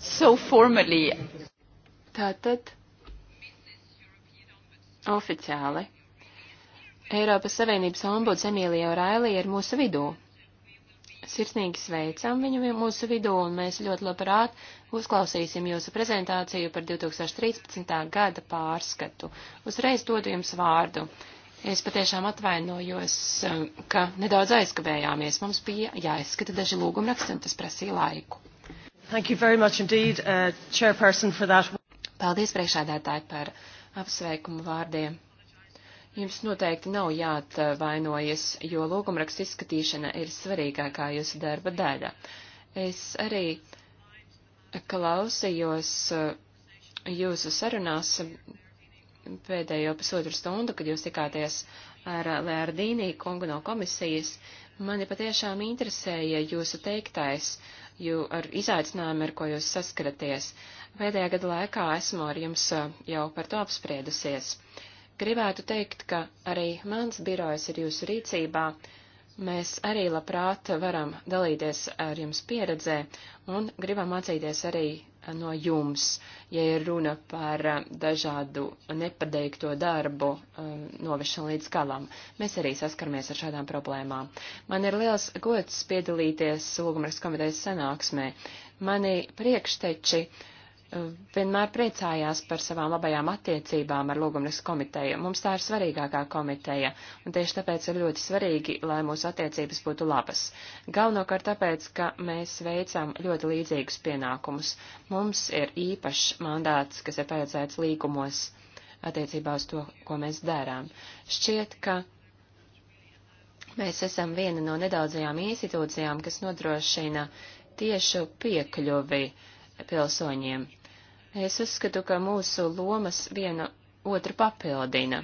so formally. Tātad oficiāli. Eiropas Savienības ombuds Emīlija Orailija ir mūsu vidū. Sirsnīgi sveicam viņu mūsu vidū, un mēs ļoti labprāt uzklausīsim jūsu prezentāciju par 2013. gada pārskatu. Uzreiz dodu jums vārdu. Es patiešām atvainojos, eh, ka nedaudz aizkavējāmies. Mums bija jāizskata daži lūgumraksti, un tas prasīja laiku. Thank you very much indeed, uh, chairperson, for that. Paldies priekšādātāji par apsveikumu vārdiem. Jums noteikti nav jāatvainojas, jo lūgumraksta izskatīšana ir svarīgākā jūsu darba daļa. Es arī klausījos uh, jūsu sarunās pēdējo pusotru stundu, kad jūs tikāties ar Lērdīnī kungu no komisijas. Mani patiešām interesēja jūsu teiktais jū, ar izaicinājumu, ar ko jūs saskaraties. Pēdējā gada laikā esmu ar jums jau par to apspriedusies. Gribētu teikt, ka arī mans birojs ir jūsu rīcībā. Mēs arī labprāt varam dalīties ar jums pieredzē un gribam mācīties arī no jums, ja ir runa par eh, dažādu nepadeikto darbu um, novešanu līdz galam. Mēs arī saskaramies ar šādām problēmām. Man ir liels gods piedalīties Lūgumras komitejas sanāksmē. Mani priekšteči uh, vienmēr priecājās par savām labajām attiecībām ar lūgumnes komiteju. Mums tā ir svarīgākā komiteja, un tieši tāpēc ir ļoti svarīgi, lai mūsu attiecības būtu labas. Galvenokārt tāpēc, ka mēs veicam ļoti līdzīgus pienākumus. Mums ir īpašs mandāts, kas ir paredzēts līgumos attiecībā uz to, ko mēs darām. Šķiet, ka mēs esam viena no nedaudzajām institūcijām, kas nodrošina tiešu piekļuvi pilsoņiem Es uzskatu, ka mūsu lomas viena otru papildina.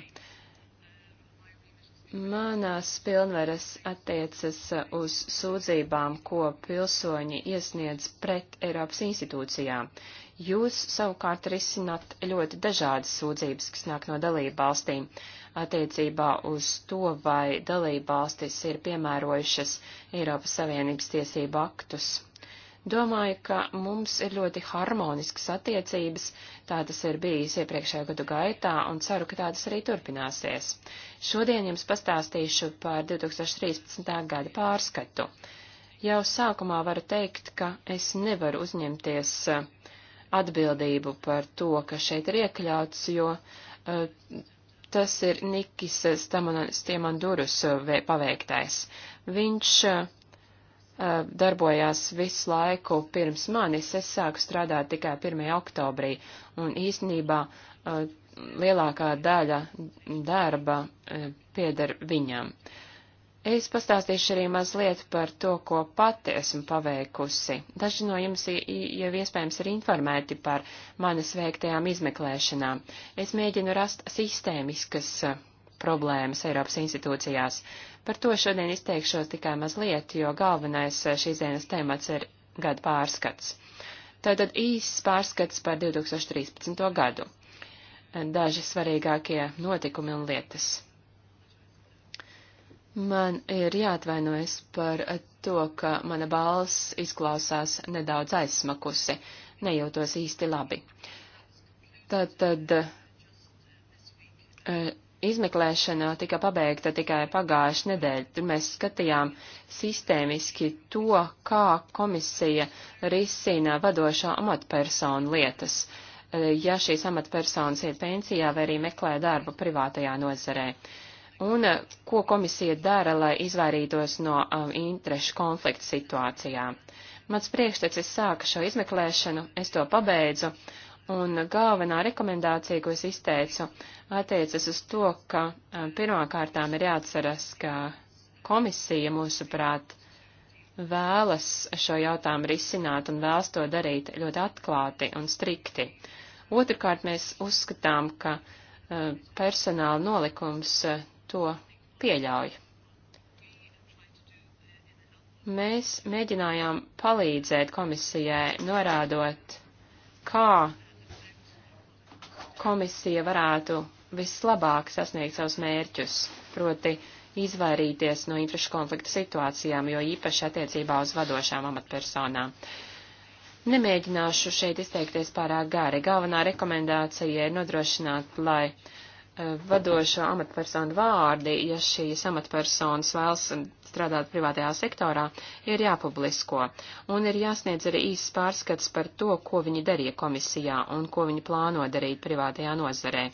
Manās pilnvaras attiecas uz sūdzībām, ko pilsoņi iesniedz pret Eiropas institūcijām. Jūs savukārt risināt ļoti dažādas sūdzības, kas nāk no dalību valstīm, attiecībā uz to, vai dalību valstis ir piemērojušas Eiropas Savienības tiesību aktus. Domāju, ka mums ir ļoti harmoniskas attiecības, tā tas ir bijis iepriekšējo gadu gaitā, un ceru, ka tādas arī turpināsies. Šodien jums pastāstīšu par 2013. gada pārskatu. Jau sākumā varu teikt, ka es nevaru uzņemties eh, atbildību par to, ka šeit ir iekļauts, jo uh, tas ir Nikis Stiemandurus eh, paveiktais. Viņš uh, darbojās visu laiku pirms manis. Es sāku strādāt tikai 1. oktobrī, un īstenībā lielākā daļa darba pieder viņam. Es pastāstīšu arī mazliet par to, ko pati esmu paveikusi. Daži no jums jau iespējams ir informēti par manas veiktajām izmeklēšanām. Es mēģinu rast sistēmiskas problēmas Eiropas institūcijās. Par to šodien izteikšos tikai mazliet, jo galvenais eh, šīs dienas temats ir gada pārskats. Tātad īsts pārskats par 2013. gadu. Daži svarīgākie notikumi un lietas. Man ir jāatvainojas par to, ka mana balss izklausās nedaudz aizsmakusi, nejūtos īsti labi. Tātad eh, izmeklēšana tika pabeigta tikai pagājuši nedēļa. Tur mēs skatījām sistēmiski to, kā komisija risina vadošā amatpersonu lietas, e, ja šīs amatpersonas iet pensijā vai arī meklē darbu privātajā nozarē. Un e, ko komisija dara, lai izvairītos no um, interešu konflikta situācijām. Mans priekštecis sāka šo izmeklēšanu, es to pabeidzu Un galvenā rekomendācija, ko es izteicu, attiecas uz to, ka pirmkārtām ir jāatceras, ka komisija mūsuprāt vēlas šo jautājumu risināt un vēlas to darīt ļoti atklāti un strikti. Otrkārt, mēs uzskatām, ka personāla nolikums to pieļauj. Mēs mēģinājām palīdzēt komisijai norādot, kā komisija varētu vislabāk sasniegt savus mērķus, proti izvairīties no interešu konflikta situācijām, jo īpaši attiecībā uz vadošām amatpersonām. Nemēģināšu šeit izteikties pārāk gari. Galvenā rekomendācija ir nodrošināt, lai eh, vadošo amatpersonu vārdi, ja šīs amatpersonas vēlas strādāt privātajā sektorā, ir jāpublisko, un ir jāsniedz arī īsts pārskats par to, ko viņi darīja komisijā un ko viņi plāno darīt privātajā nozarē.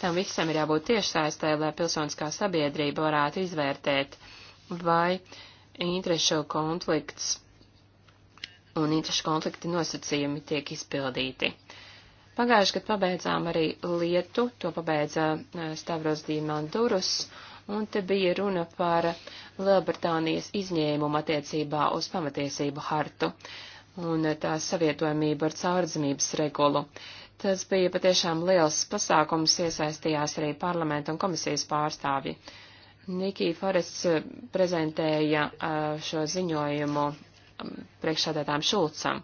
Tam visam ir jābūt tiešsaistē, lai pilsoniskā sabiedrība varētu izvērtēt, vai interešu konflikts un interešu konflikta nosacījumi tiek izpildīti. Pagājuši, kad pabeidzām arī lietu, to pabeidza eh, Stavros Dīmandurus, uh, un te bija runa par Lielbritānijas izņēmumu attiecībā uz pamatiesību hartu un tās savietojamību ar caurdzimības regulu. Tas bija patiešām liels pasākums, iesaistījās arī parlamenta un komisijas pārstāvji. Nikī Forests eh, prezentēja eh, šo ziņojumu mm, priekšsādātām Šulcam.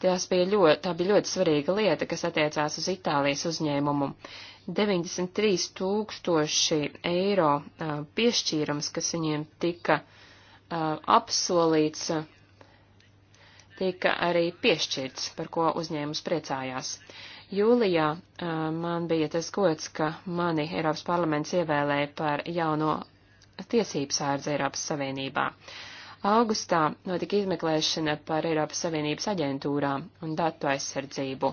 Tās bija ļoti, tā bija ļoti svarīga lieta, kas attiecās uz Itālijas uzņēmumu. 93 tūkstoši eiro piešķīrums, kas viņiem tika apsolīts, tika arī piešķirts, par ko uzņēmums priecājās. Jūlijā man bija tas gods, ka mani Eiropas parlaments ievēlēja par jauno tiesības ārdz Eiropas Savienībā. Augustā notika izmeklēšana par Eiropas Savienības aģentūrām un datu aizsardzību.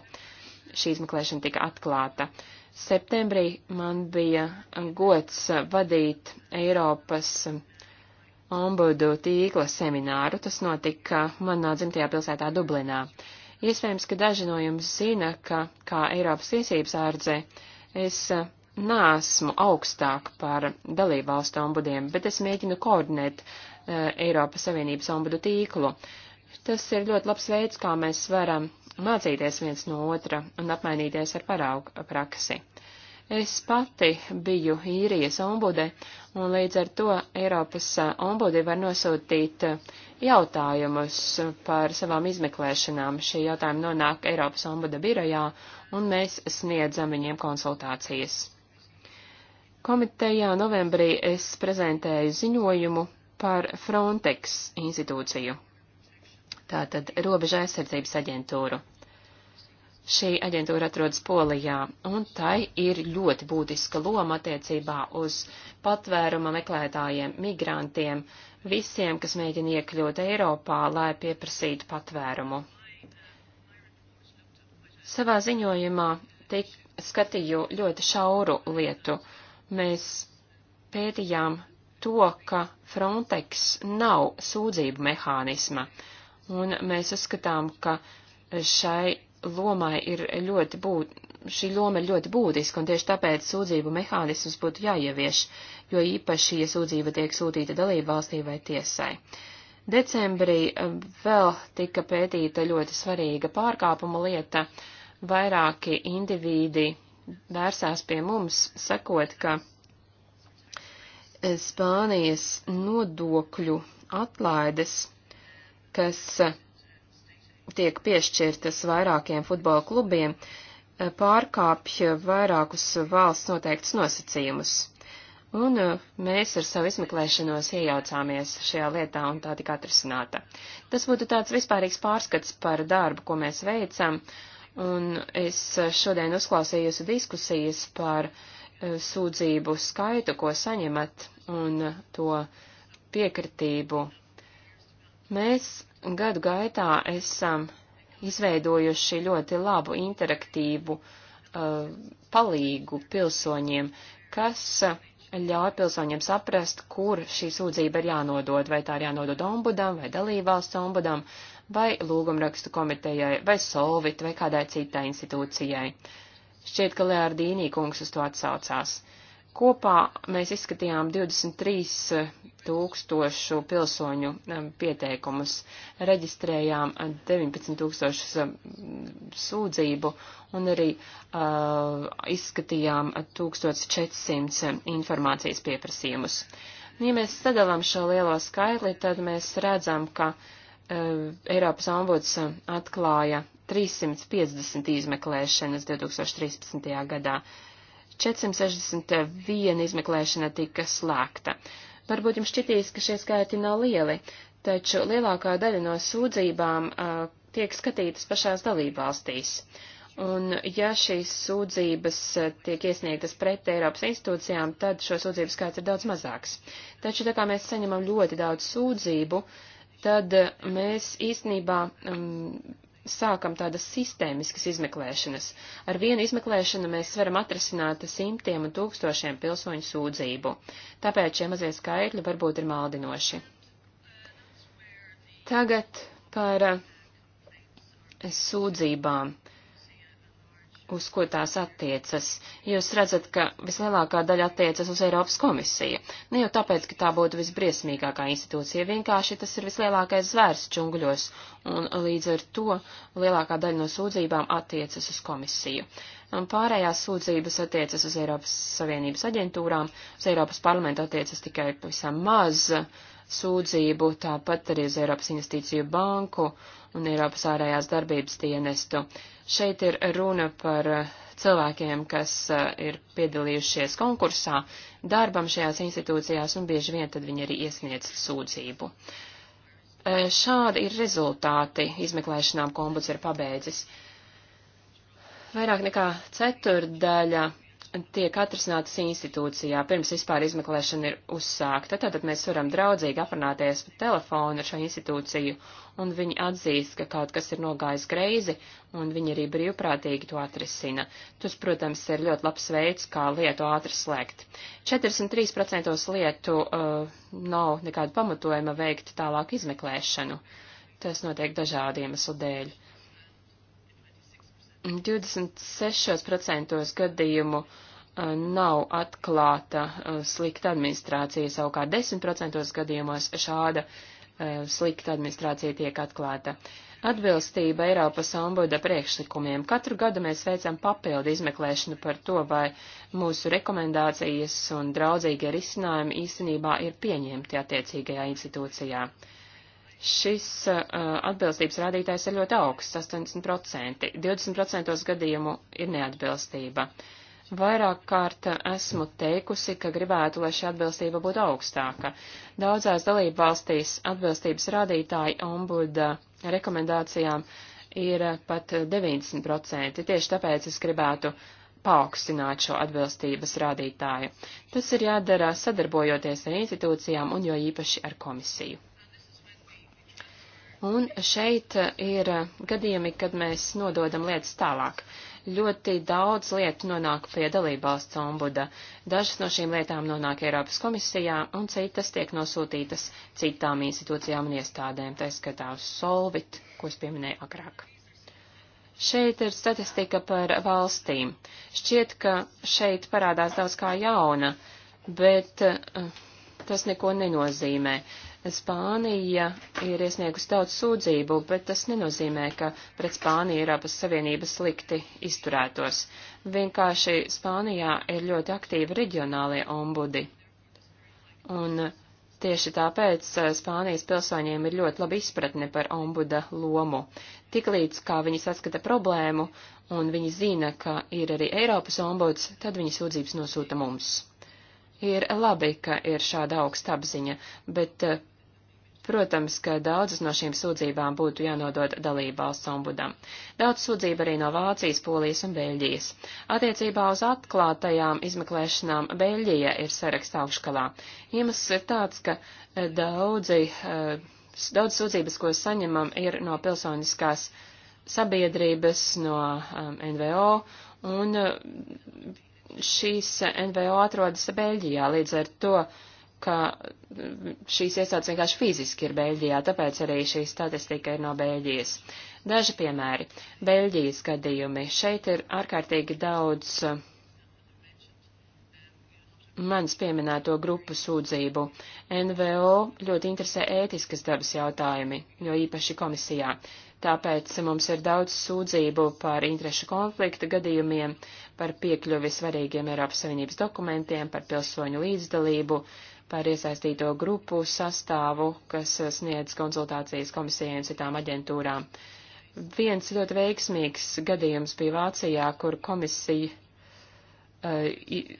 Šī izmeklēšana tika atklāta. Uh, Septembrī man bija gods vadīt Eiropas ombudu tīkla semināru. Tas notika manā dzimtajā pilsētā Dublinā. Iespējams, ka daži no jums zina, ka kā Eiropas tiesības ārdze es nāsmu augstāk par dalību valstu ombudiem, bet es mēģinu koordinēt uh, Eiropas Savienības ombudu tīklu. Tas ir ļoti labs veids, kā mēs varam mācīties viens no otra un apmainīties ar paraugu praksi. Es pati biju īrijas ombude, un līdz ar to Eiropas ombude var nosūtīt jautājumus par savām izmeklēšanām. Šie jautājumi nonāk Eiropas ombuda birojā, un mēs sniedzam viņiem konsultācijas. Komitejā novembrī es prezentēju ziņojumu par Frontex institūciju tātad Robeža aizsardzības aģentūru. Šī aģentūra atrodas Polijā, un tai ir ļoti būtiska loma attiecībā uz patvēruma meklētājiem, migrantiem, visiem, kas mēģina iekļūt Eiropā, lai pieprasītu patvērumu. Savā ziņojumā tik skatīju ļoti šauru lietu. Mēs pētījām to, ka Frontex nav sūdzību mehānisma. Uh, un mēs uzskatām, ka šai lomai ir ļoti būt, šī loma ir ļoti būtiska, un tieši tāpēc sūdzību mehānismus būtu jāievieš, jo īpaši, ja sūdzība tiek sūtīta dalību valstī vai tiesai. Decembrī eh, vēl tika pētīta ļoti svarīga pārkāpuma lieta. Vairāki indivīdi vērsās pie mums, sakot, ka eh, Spānijas nodokļu atlaides kas eh, tiek piešķirtas vairākiem futbola klubiem, eh, pārkāpj vairākus valsts noteiktus nosacījumus. Un eh, mēs ar savu izmeklēšanos iejaucāmies šajā lietā un tā tika atrisināta. Tas būtu tāds vispārīgs pārskats par darbu, ko mēs veicam, un es šodien uzklausīju jūsu diskusijas par sūdzību skaitu, ko saņemat, un to piekritību. Mēs gadu gaitā esam izveidojuši ļoti labu interaktīvu uh, palīgu pilsoņiem, kas ļauj pilsoņiem saprast, kur šī sūdzība ir jānodod, vai tā ir jānodod ombudam, vai dalībvalsts ombudam, vai lūgumrakstu komitejai, vai solvit, vai kādai citai institūcijai. Šķiet, ka Leārdīnī kungs uz to atsaucās. Kopā mēs izskatījām 23 tūkstošu pilsoņu um, pieteikumus, reģistrējām 19 um, tūkstošus um, sūdzību un arī uh, izskatījām 1400 informācijas pieprasījumus. Ja mēs sadalām šo lielo skaitli, tad mēs redzam, ka uh, Eiropas ombuds atklāja 350 izmeklēšanas 2013. gadā. 461 izmeklēšana tika slēgta. Uh, Varbūt jums šķitīs, ka šie skaiti nav lieli, taču lielākā daļa no sūdzībām uh, tiek skatītas pašās dalībvalstīs. Un ja šīs sūdzības tiek iesniegtas pret Eiropas institūcijām, tad šo sūdzību skaits ir daudz mazāks. Taču tā kā mēs saņemam ļoti daudz sūdzību, tad mēs īstenībā um, sākam tādas sistēmiskas izmeklēšanas. Ar vienu izmeklēšanu mēs varam atrasināt simtiem un tūkstošiem pilsoņu sūdzību, tāpēc šie mazie skaitļi varbūt ir maldinoši. Tagad par eh, sūdzībām uz ko tās attiecas. Jūs redzat, ka vislielākā daļa attiecas uz Eiropas komisiju. Ne jau tāpēc, ka tā būtu visbriesmīgākā institūcija, vienkārši tas ir vislielākais zvērs džungļos, un līdz ar to lielākā daļa no sūdzībām attiecas uz komisiju. Un pārējās sūdzības attiecas uz Eiropas Savienības aģentūrām, uz Eiropas parlamentu attiecas tikai pavisam maz, uh, sūdzību, tāpat arī uz Eiropas investīciju banku un Eiropas ārējās darbības dienestu. Šeit ir runa par eh, cilvēkiem, kas eh, ir piedalījušies konkursā darbam šajās institūcijās un bieži vien tad viņi arī iesniedz sūdzību. Eh, šādi ir rezultāti izmeklēšanām, ko ombuds ir pabeidzis. Vairāk nekā ceturdaļa tiek atrasinātas institūcijā, pirms vispār izmeklēšana ir uzsākta. Tātad mēs varam draudzīgi aprunāties pa telefonu ar šo institūciju, un viņi atzīst, ka kaut kas ir nogājis greizi, un viņi arī brīvprātīgi to atrisina. Tas, protams, ir ļoti labs veids, kā lietu ātri slēgt. 43% lietu uh, nav nekāda pamatojuma veikt tālāk izmeklēšanu. Tas notiek dažādu iemeslu dēļ. Uh, 26% gadījumu e, nav atklāta e, slikta administrācija, savukārt 10% gadījumos šāda e, slikta administrācija tiek atklāta. Atbilstība Eiropas ombuda priekšlikumiem. Katru gadu mēs veicam papildu izmeklēšanu par to, vai mūsu rekomendācijas un draudzīgie risinājumi īstenībā ir pieņemti attiecīgajā institūcijā šis uh, atbilstības rādītājs ir ļoti augsts - 80%. 20% gadījumu ir neatbilstība. Vairāk kārt esmu teikusi, ka gribētu, lai šī atbilstība būtu augstāka. Daudzās dalību valstīs atbilstības rādītāji ombuda rekomendācijām ir pat 90%. Tieši tāpēc es gribētu paaugstināt šo atbilstības rādītāju. Tas ir jādara sadarbojoties ar institūcijām un jo īpaši ar komisiju. Un šeit ir gadījumi, kad mēs nododam lietas tālāk. Ļoti daudz lietu nonāk pie dalībvalsts ombuda. Dažas no šīm lietām nonāk Eiropas komisijā, un citas tiek nosūtītas citām institūcijām un iestādēm, tā skatā uz Solvit, ko es pieminēju agrāk. Šeit ir statistika par valstīm. Šķiet, ka šeit parādās daudz kā jauna, bet uh, tas neko nenozīmē. Uh, Spānija ir iesniegusi daudz sūdzību, bet tas nenozīmē, ka pret Spāniju Eiropas Savienība slikti izturētos. Vienkārši Spānijā ir ļoti aktīvi reģionālie ombudi. Un tieši tāpēc eh, Spānijas pilsoņiem ir ļoti labi izpratne par ombuda lomu. Tiklīdz kā viņi saskata problēmu un viņi zina, ka ir arī Eiropas ombuds, tad viņi sūdzības nosūta mums. Ir labi, ka ir šāda augsta apziņa, bet eh, Protams, ka daudzas no šīm sūdzībām būtu jānodod dalībvalsts ombudam. Daudz sūdzību arī no Vācijas, Polijas un Beļģijas. Attiecībā uz atklātajām izmeklēšanām Beļģija ir sarakstā augškalā. Iemesls ir tāds, ka eh, daudzi, eh, daudz sūdzības, ko saņemam, ir no pilsoniskās sabiedrības, no um, NVO, un eh, šīs NVO atrodas Beļģijā, līdz ar to uh, ka mm, šīs iestādes vienkārši fiziski ir Beļģijā, tāpēc arī šī statistika ir no Beļģijas. Daži piemēri. Beļģijas gadījumi. Šeit ir ārkārtīgi daudz mm, mans pieminēto grupu sūdzību. NVO ļoti interesē ētiskas dabas jautājumi, jo īpaši komisijā tāpēc mums ir daudz sūdzību par interešu konflikta gadījumiem, par piekļuvi svarīgiem Eiropas Savienības dokumentiem, par pilsoņu līdzdalību, par iesaistīto grupu sastāvu, kas sniedz konsultācijas komisijai un citām aģentūrām. Viens ļoti veiksmīgs gadījums bija Vācijā, kur komisija uh,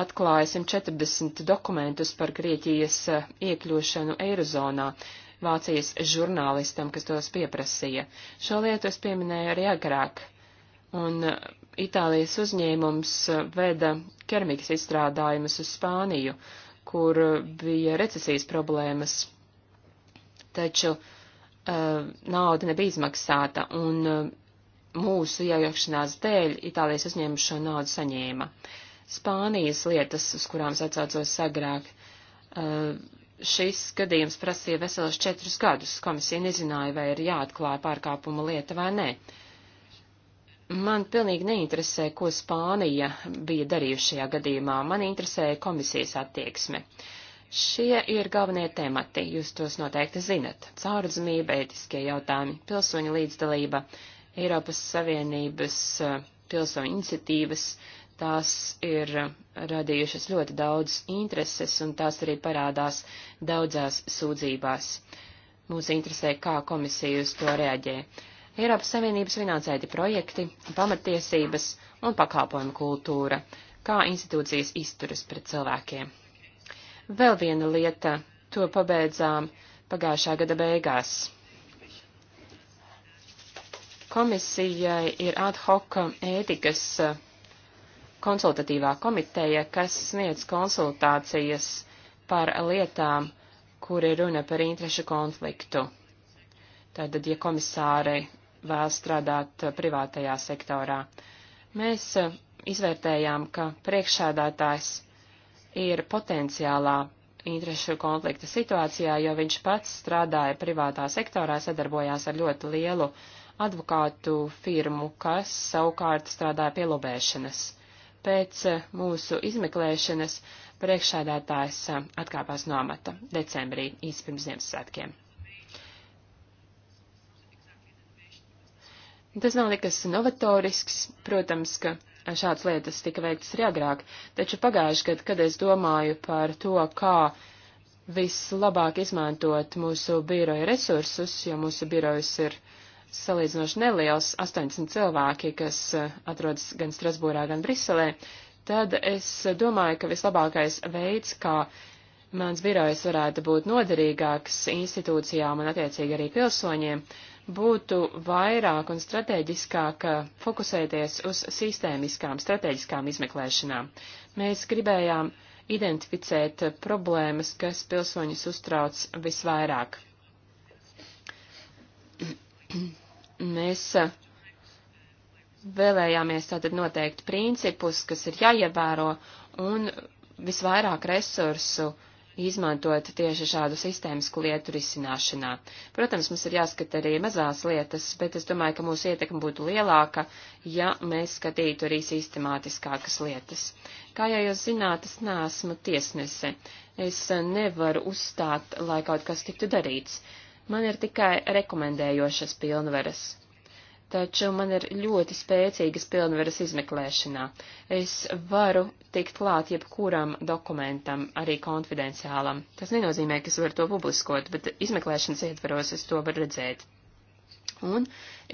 atklāja 140 dokumentus par Grieķijas eh, iekļūšanu Eirozonā. Uh, Vācijas žurnālistam, kas tos pieprasīja. Šo lietu es pieminēju arī agrāk, un uh, Itālijas uzņēmums uh, veda kermikas izstrādājumus uz Spāniju, kur uh, bija recesijas problēmas, taču uh, nauda nebija izmaksāta, un uh, mūsu iejaukšanās dēļ Itālijas uzņēmums šo naudu saņēma. Spānijas lietas, uz kurām es atcaucos agrāk, uh, Šis gadījums prasīja veselas četrus gadus. Komisija nezināja, vai ir jāatklāja pārkāpuma lieta vai nē. Man pilnīgi neinteresē, ko Spānija bija darījusi šajā gadījumā. Man interesēja komisijas attieksme. Šie ir galvenie temati, jūs tos noteikti zinat. Caurdzamība, ētiskie jautājumi, pilsoņu līdzdalība, Eiropas Savienības eh, pilsoņu iniciatīvas, Tās ir radījušas ļoti daudz intereses, un tās arī parādās daudzās sūdzībās. Mūs interesē, kā komisija uz to reaģē. Eiropas Savienības finansēti projekti, pamatiesības un pakāpojuma kultūra, kā institūcijas izturas pret cilvēkiem. Vēl viena lieta, to pabeidzām pagājušā gada beigās. Komisijai ir ad hoc ētikas konsultatīvā komiteja, kas sniedz konsultācijas par lietām, kur ir runa par interešu konfliktu. Tātad, ja komisāri vēl strādāt uh, privātajā sektorā. Mēs uh, izvērtējām, ka priekšsēdētājs ir potenciālā interešu konflikta situācijā, jo viņš pats strādāja privātā sektorā, sadarbojās ar ļoti lielu advokātu firmu, kas savukārt strādāja pie lobēšanas pēc eh, mūsu izmeklēšanas priekšādātājs eh, atkāpās no amata decembrī, īsi pirms Ziemassvētkiem. Tas nav nekas novatorisks, protams, ka šādas lietas tika veiktas arī agrāk, taču pagājuši gadu, kad es domāju par to, kā vislabāk izmantot mūsu biroja resursus, jo mūsu birojas ir uh, salīdzinoši neliels, 80 cilvēki, kas eh, atrodas gan Strasbūrā, gan Briselē, tad es eh, domāju, ka vislabākais veids, kā mans birojs varētu būt noderīgāks institūcijām un attiecīgi arī pilsoņiem, būtu vairāk un strateģiskāk eh, fokusēties uz sistēmiskām, strateģiskām izmeklēšanām. Mēs gribējām identificēt problēmas, kas pilsoņus uztrauc visvairāk. Mēs vēlējāmies tātad noteikt principus, kas ir jāievēro, un visvairāk resursu izmantot tieši šādu sistēmisku lietu risināšanā. Protams, mums ir jāskata arī mazās lietas, bet es domāju, ka mūsu ietekme būtu lielāka, ja mēs skatītu arī sistemātiskākas lietas. Kā jau jūs zināt, es neesmu tiesnese. Es nevaru uzstāt, lai kaut kas tiktu darīts Man ir tikai rekomendējošas pilnvaras. Taču man ir ļoti spēcīgas pilnvaras izmeklēšanā. Es varu tikt klāt jebkuram dokumentam, arī konfidenciālam. Tas nenozīmē, ka es varu to publiskot, bet izmeklēšanas ietvaros es to varu redzēt. Un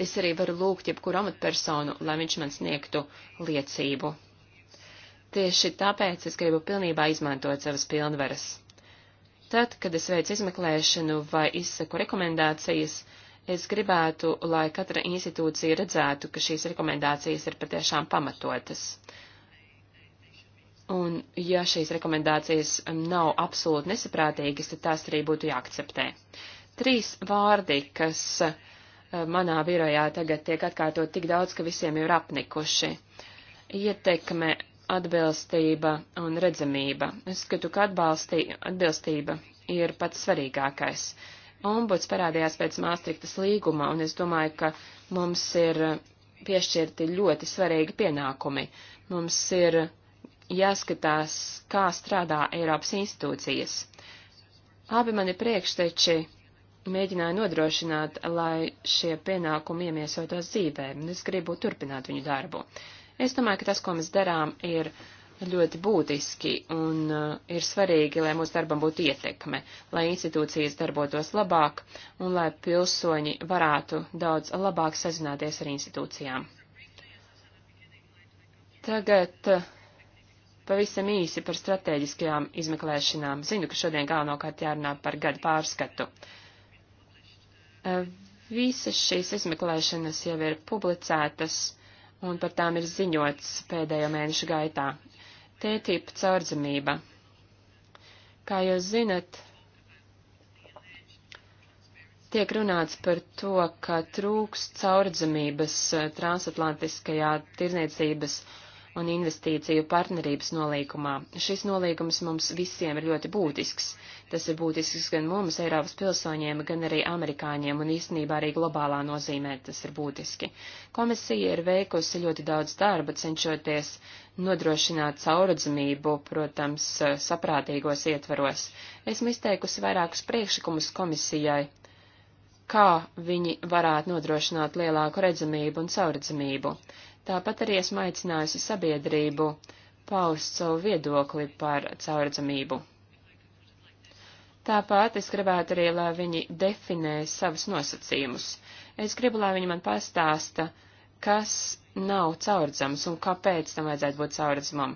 es arī varu lūgt jebkuru amatpersonu, lai viņš man sniegtu liecību. Tieši tāpēc es gribu pilnībā izmantot savas pilnvaras. Tad, kad es veicu izmeklēšanu vai izsaku rekomendācijas, es gribētu, lai katra institūcija redzētu, ka šīs rekomendācijas ir patiešām pamatotas. Un, ja šīs rekomendācijas nav absolūti nesaprātīgas, tad tās arī būtu jāakceptē. Trīs vārdi, kas eh, manā birojā tagad tiek atkārtot tik daudz, ka visiem jau ir apnikuši. Ietekme atbilstība un redzamība. Es skatu, ka atbalstī, atbilstība ir pats svarīgākais. Ombuds parādījās pēc Māstriktas līguma, un es domāju, ka mums ir piešķirti ļoti svarīgi pienākumi. Mums ir jāskatās, kā strādā Eiropas institūcijas. Abi mani priekšteči mēģināja nodrošināt, lai šie pienākumi iemiesotos dzīvē, un es gribu turpināt viņu darbu. Es domāju, ka tas, ko mēs darām, ir ļoti būtiski un uh, ir svarīgi, lai mūsu darbam būtu ietekme, lai institūcijas darbotos labāk un lai pilsoņi varētu daudz labāk sazināties ar institūcijām. Tagad uh, pavisam īsi par strateģiskajām izmeklēšanām. Zinu, ka šodien galvenokārt jārunā par gadu pārskatu. Uh, visas šīs izmeklēšanas jau ir publicētas un par tām ir ziņots pēdējo mēnešu gaitā. TTIP caurdzamība. Kā jūs zinat, tiek runāts par to, ka trūks caurdzamības eh, transatlantiskajā tirzniecības un investīciju partnerības nolīkumā. Šis nolīgums mums visiem ir ļoti būtisks. Tas ir būtisks gan mums, Eiropas pilsoņiem, gan arī amerikāņiem, un īstenībā arī globālā nozīmē tas ir būtiski. Komisija ir veikusi ļoti daudz darba, cenšoties nodrošināt caurredzamību, protams, saprātīgos ietveros. Esmu izteikusi vairākus priekšlikumus komisijai, kā viņi varētu nodrošināt lielāku redzamību un caurredzamību. Tāpat arī esmu aicinājusi sabiedrību paust savu viedokli par caurredzamību. Tāpat es gribētu arī, lai viņi definē savus nosacījumus. Es gribu, lai viņi man pastāsta, kas nav caurdzams un kāpēc tam vajadzētu būt caurdzamam.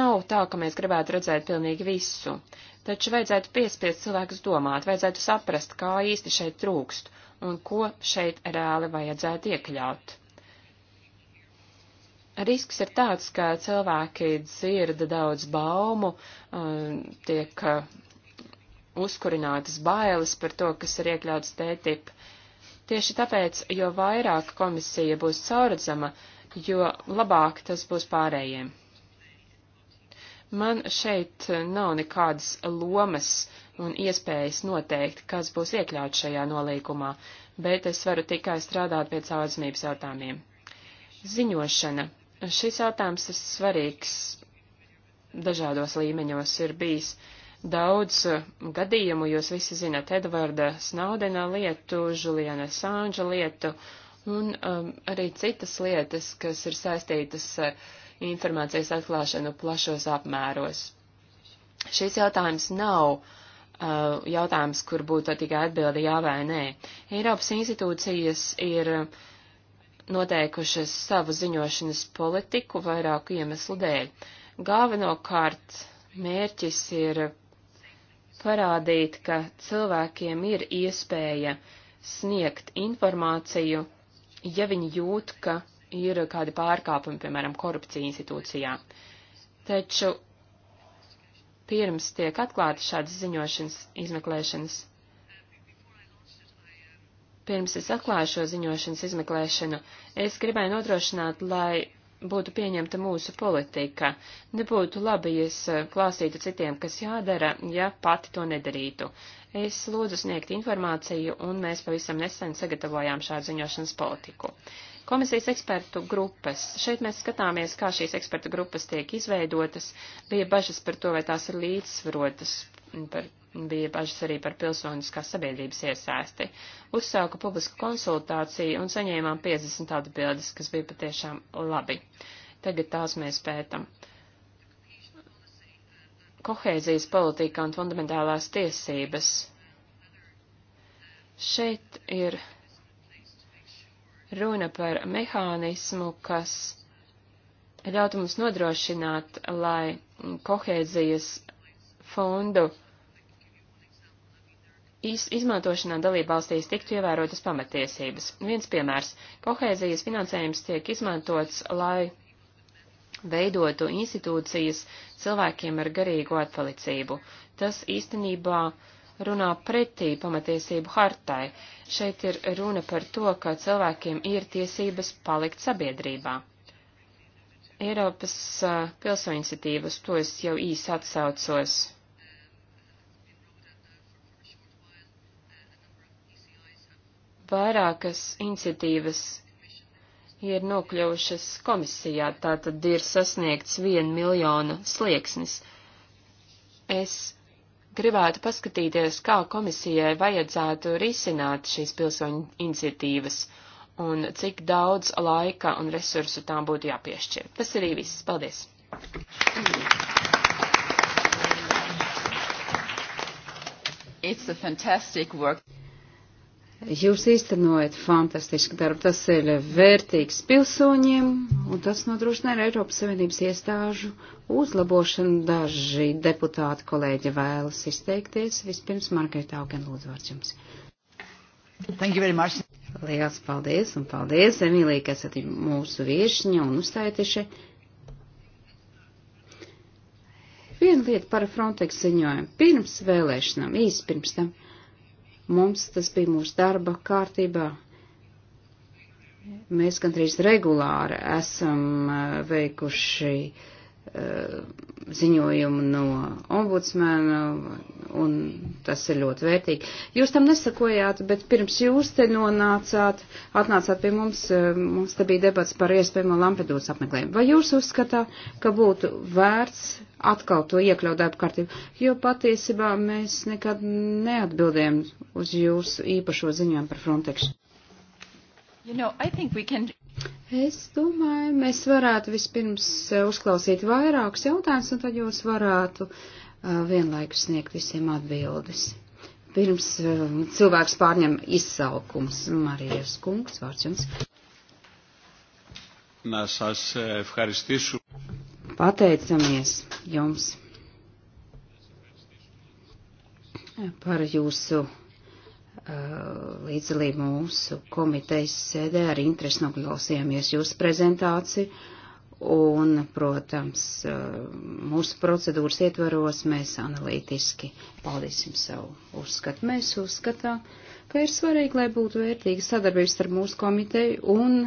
Nav tā, ka mēs gribētu redzēt pilnīgi visu, taču vajadzētu piespiest cilvēkus domāt, vajadzētu saprast, kā īsti šeit trūkst un ko šeit reāli vajadzētu iekļaut. Risks ir tāds, ka cilvēki dzirda daudz baumu, um, tiek uzkurinātas bailes par to, kas ir iekļauts TTIP. Tieši tāpēc, jo vairāk komisija būs cauradzama, jo labāk tas būs pārējiem. Man šeit nav nekādas lomas un iespējas noteikt, kas būs iekļauts šajā nolīkumā, bet es varu tikai strādāt pie caurdzamības jautājumiem. Ziņošana. Šis jautājums ir svarīgs dažādos līmeņos ir bijis daudz eh, gadījumu, jūs visi zināt Edvarda Snaudena lietu, Žuliana Sāņģa lietu un um, arī citas lietas, kas ir saistītas ar informācijas atklāšanu plašos apmēros. Šis jautājums nav uh, jautājums, kur būtu tikai atbildi jā vai nē. Eiropas institūcijas ir noteikušas savu ziņošanas politiku vairāku iemeslu dēļ. Galvenokārt mērķis ir parādīt, ka cilvēkiem ir iespēja sniegt informāciju, ja viņi jūt, ka ir kādi pārkāpumi, piemēram, korupcija institūcijā. Taču pirms tiek atklāta šādas ziņošanas izmeklēšanas, pirms es atklāju šo ziņošanas izmeklēšanu, es gribēju nodrošināt, lai būtu pieņemta mūsu politika. Nebūtu labi, ja es eh, klāstītu citiem, kas jādara, ja pati to nedarītu. Es lūdzu sniegt informāciju, un mēs pavisam nesen sagatavojām šādu ziņošanas politiku. Komisijas ekspertu grupas. Šeit mēs skatāmies, kā šīs ekspertu grupas tiek izveidotas. Bija bažas par to, vai tās ir līdzsvarotas, par bija bažas arī par pilsoniskās sabiedrības iesaisti. Uzsāku publisku konsultāciju un saņēmām 50 atbildes, kas bija patiešām labi. Tagad tās mēs pētam. Kohēzijas politika un fundamentālās tiesības. Šeit ir runa par mehānismu, kas ļautu mums nodrošināt, lai kohēzijas fondu uh, iz, izmantošanā dalībvalstīs tiktu ievērotas pamatiesības. Viens piemērs - kohēzijas finansējums tiek izmantots, lai veidotu institūcijas cilvēkiem ar garīgu atpalicību. Tas īstenībā runā pretī pamatiesību hartai. Šeit ir runa par to, ka cilvēkiem ir tiesības palikt sabiedrībā. Eiropas uh, pilsoņiniciatīvas, to es jau īsi atsaucos vairākas iniciatīvas ir nokļuvušas komisijā, tātad ir sasniegts 1 miljona slieksnis. Es gribētu paskatīties, kā komisijai vajadzētu risināt šīs pilsoņu iniciatīvas un cik daudz laika un resursu tām būtu jāpiešķir. Tas arī viss. Paldies! It's a fantastic work. Jūs īstenojat fantastisku darbu, tas ir vērtīgs pilsoņiem, un tas nodrošina arī Eiropas Savienības iestāžu uzlabošanu. Daži deputāti kolēģi vēlas izteikties. Vispirms Margarita Augen lūdzu vārds jums. Thank you very much. Liels paldies un paldies, Emīlija, ka esat mūsu viešņa un uzstājotiši. Viena lieta par Frontex ziņojumu. Pirms vēlēšanām, īsi pirms tam. Uh, Mums tas bija mūsu darba kārtībā. Mēs gandrīz regulāri esam eh, veikuši uh, ziņojumu no ombudsmēna, un tas ir ļoti vērtīgi. Jūs tam nesakojāt, bet pirms jūs te nonācāt, atnācāt pie mums, eh, mums te bija debats par iespējamo Lampedūras apmeklējumu. Vai jūs uzskatāt, ka būtu vērts atkal to iekļaut darba kārtību? Jo patiesībā mēs nekad neatbildējam uz jūsu īpašo ziņojumu par Frontex. You know, I think we can Es domāju, mēs varētu vispirms eh, uzklausīt vairākus jautājumus, un tad jūs varētu eh, vienlaikus sniegt visiem atbildes. Pirms eh, cilvēks pārņem izsaukums, Marijas kungs, vārds jums. Να σας ευχαριστήσω. Pateicamies jums par jūsu Uh, līdzdalību mūsu komitejas sēdē. Ar interesi noklausījāmies jūsu prezentāciju. Un, protams, uh, mūsu procedūras ietvaros mēs analītiski paldīsim savu uzskatu. Mēs uzskatām, ka ir svarīgi, lai būtu vērtīga sadarbības ar mūsu komiteju un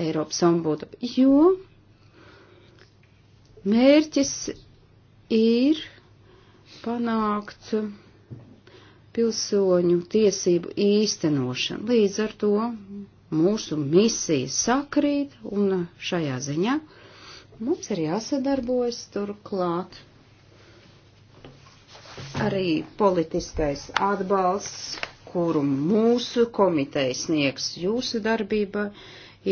Eiropas ombudu, jo mērķis ir panākt pilsoņu tiesību īstenošana. Līdz ar to mūsu misija sakrīt, un šajā ziņā mums ir jāsadarbojas turklāt arī politiskais atbalsts, kuru mūsu komiteja sniegs jūsu darbība,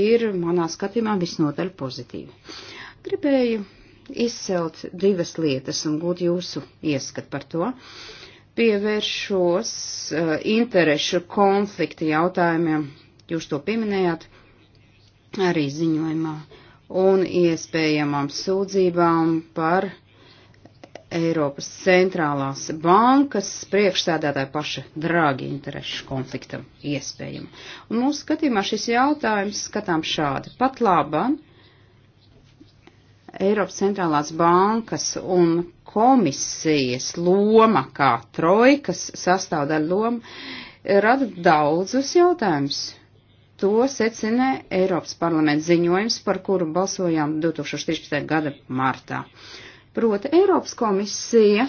ir manā skatījumā visnotaļ pozitīva. Gribēju izcelt divas lietas un gūt jūsu ieskat par to. Uh, pievēršos uh, interešu konflikta jautājumiem. Jūs to pieminējāt arī ziņojumā un iespējamām sūdzībām par Eiropas centrālās bankas priekšsēdētāja paša drāgi interešu konfliktam iespējama. Un mūsu skatījumā šis jautājums skatām šādi. Pat laban Eiropas centrālās bankas un komisijas loma kā trojkas sastāvdaļa loma rada daudzus jautājumus. To secina Eiropas parlaments ziņojums, par kuru balsojām 2013. gada martā. Proti Eiropas komisija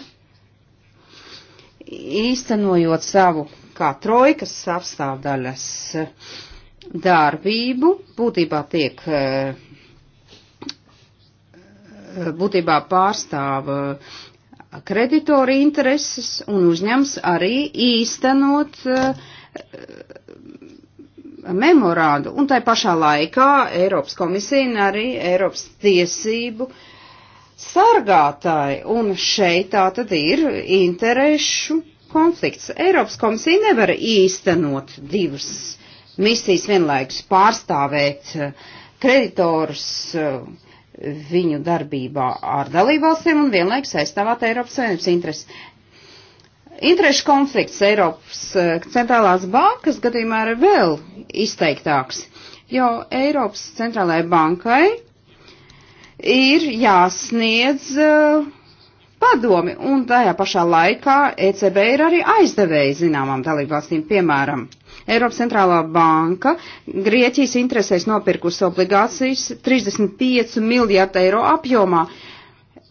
īstenojot savu kā trojkas sastāvdaļas darbību, būtībā tiek uh, būtībā pārstāv uh, kreditori intereses un uzņems arī īstenot uh, memorādu. Un tai pašā laikā Eiropas komisija un arī Eiropas tiesību sargātāji. Un šeit tā tad ir interešu konflikts. Eiropas komisija nevar īstenot divas misijas vienlaikus pārstāvēt uh, kreditorus viņu darbībā ar dalībvalstiem un vienlaikus aizstāvāt Eiropas Savienības intereses. Interešu konflikts Eiropas eh, centrālās bankas gadījumā ir vēl izteiktāks, jo Eiropas centrālajai bankai ir jāsniedz uh, padomi, un tajā pašā laikā ECB ir arī aizdevēji zināmām dalībvalstīm, piemēram, Eiropas centrālā banka Grieķijas interesēs nopirkus obligācijas 35 miljārdu eiro apjomā.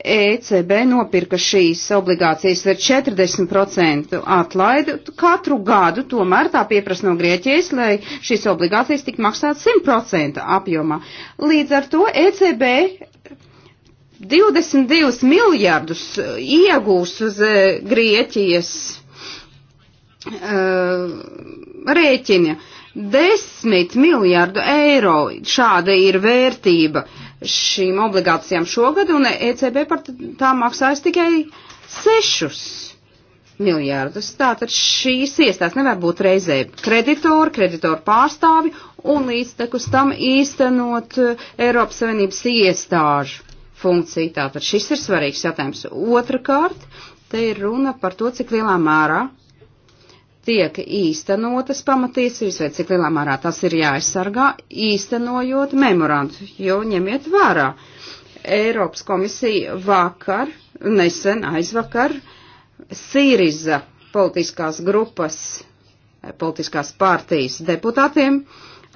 ECB nopirka šīs obligācijas ar 40% atlaidu katru gadu, tomēr tā pieprasa no Grieķijas, lai šīs obligācijas tik maksātu 100% apjomā. Līdz ar to ECB 22 miljardus eh, iegūs uz eh, Grieķijas uh, rēķina. 10 miljārdu eiro šāda ir vērtība šīm obligācijām šogad, un ECB par tām maksājas tikai 6 miljārdus. Tātad šīs iestādes nevar būt reizē kreditori, kreditoru pārstāvi un līdztekus tam īstenot Eiropas Savienības iestāžu funkciju. Tātad šis ir svarīgs jautājums. Otrakārt, te ir runa par to, cik lielā mērā tiek īstenotas pamatiesības, vai cik lielā mērā tas ir jāaizsargā, īstenojot memorandu, jo ņemiet vērā. Eiropas komisija vakar, nesen aizvakar, Sīriza politiskās grupas, politiskās partijas deputātiem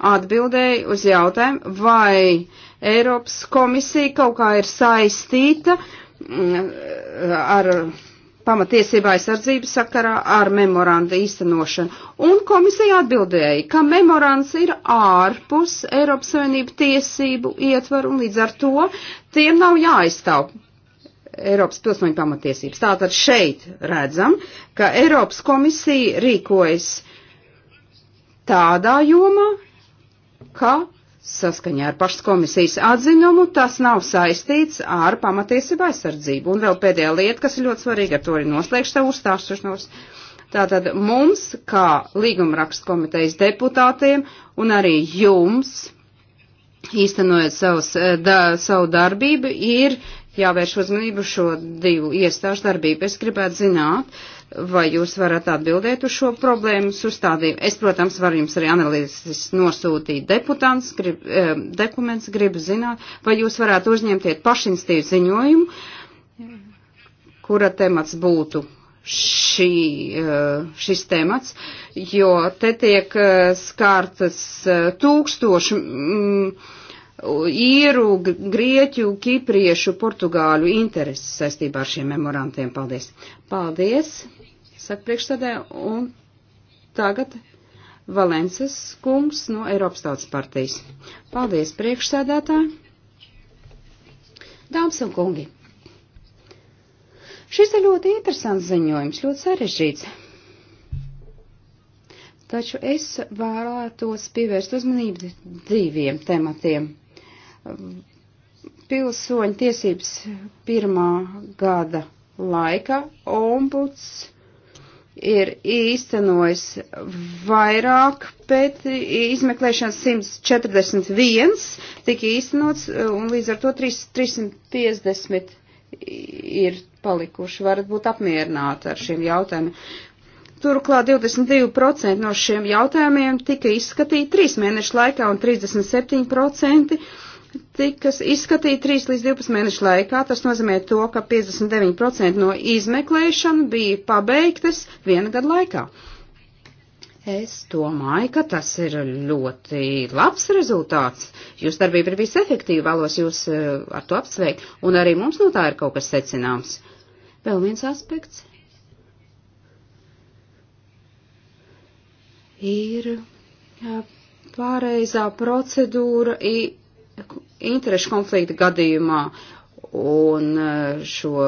atbildēja uz jautājumu, vai Eiropas komisija kaut kā ir saistīta mm, ar pamatiesībā aizsardzības sakarā ar memoranda īstenošanu. Un komisija atbildēja, ka memorands ir ārpus Eiropas Savienību tiesību ietvaru un līdz ar to tiem nav jāaizstāv Eiropas pilsoņu pamatiesības. Tātad šeit redzam, ka Eiropas komisija rīkojas tādā jomā, ka Saskaņā ar pašas komisijas atzinumu tas nav saistīts ar pamatiesību aizsardzību. Un vēl pēdējā lieta, kas ir ļoti svarīga, ar to arī noslēgšu savu uzstāšanos. Tātad mums, kā līgumrakstu komitejas deputātiem, un arī jums, īstenojot savus, eh, da, savu darbību, ir jāvērš uzmanību šo divu iestāžu darbību. Es gribētu zināt, Vai jūs varat atbildēt uz šo problēmu sustādību? Es, protams, varu jums arī analīzes nosūtīt deputants, grib, eh, dokuments, gribu zināt, vai jūs varētu uzņemtiet pašinstīvu ziņojumu, kura temats būtu šī, eh, šis temats, jo te tiek eh, skārtas eh, tūkstoši mm, īru, grieķu, kipriešu, portugāļu intereses saistībā ar šiem memorantiem. Paldies! Paldies! saka priekšstādē, un tagad Valences kungs no Eiropas tautas partijas. Paldies priekšsēdētāji! Dāmas un kungi! Šis ir ļoti interesants ziņojums, ļoti sarežģīts. Taču es vēlētos pievērst uzmanību diviem tematiem. Pilsoņu tiesības pirmā gada laika ombuds ir īstenojis vairāk pēc izmeklēšanas 141 tika īstenots eh, un līdz ar to 3, 350 ir palikuši. Varat būt apmierināti ar šiem jautājumiem. Turklāt 22% no šiem jautājumiem tika izskatīti 3 mēnešu laikā un 37% tikas izskatīti 3 līdz 12 mēnešu laikā. Tas nozīmē to, ka 59% no izmeklēšana bija pabeigtas viena gada laikā. Es domāju, ka tas ir ļoti labs rezultāts. Jūs darbība ir bijis efektīva, vēlos jūs eh, ar to apsveikt, un arī mums no tā ir kaut kas secināms. Vēl viens aspekts ir eh, pareizā procedūra. I interešu konflikta gadījumā un e, šo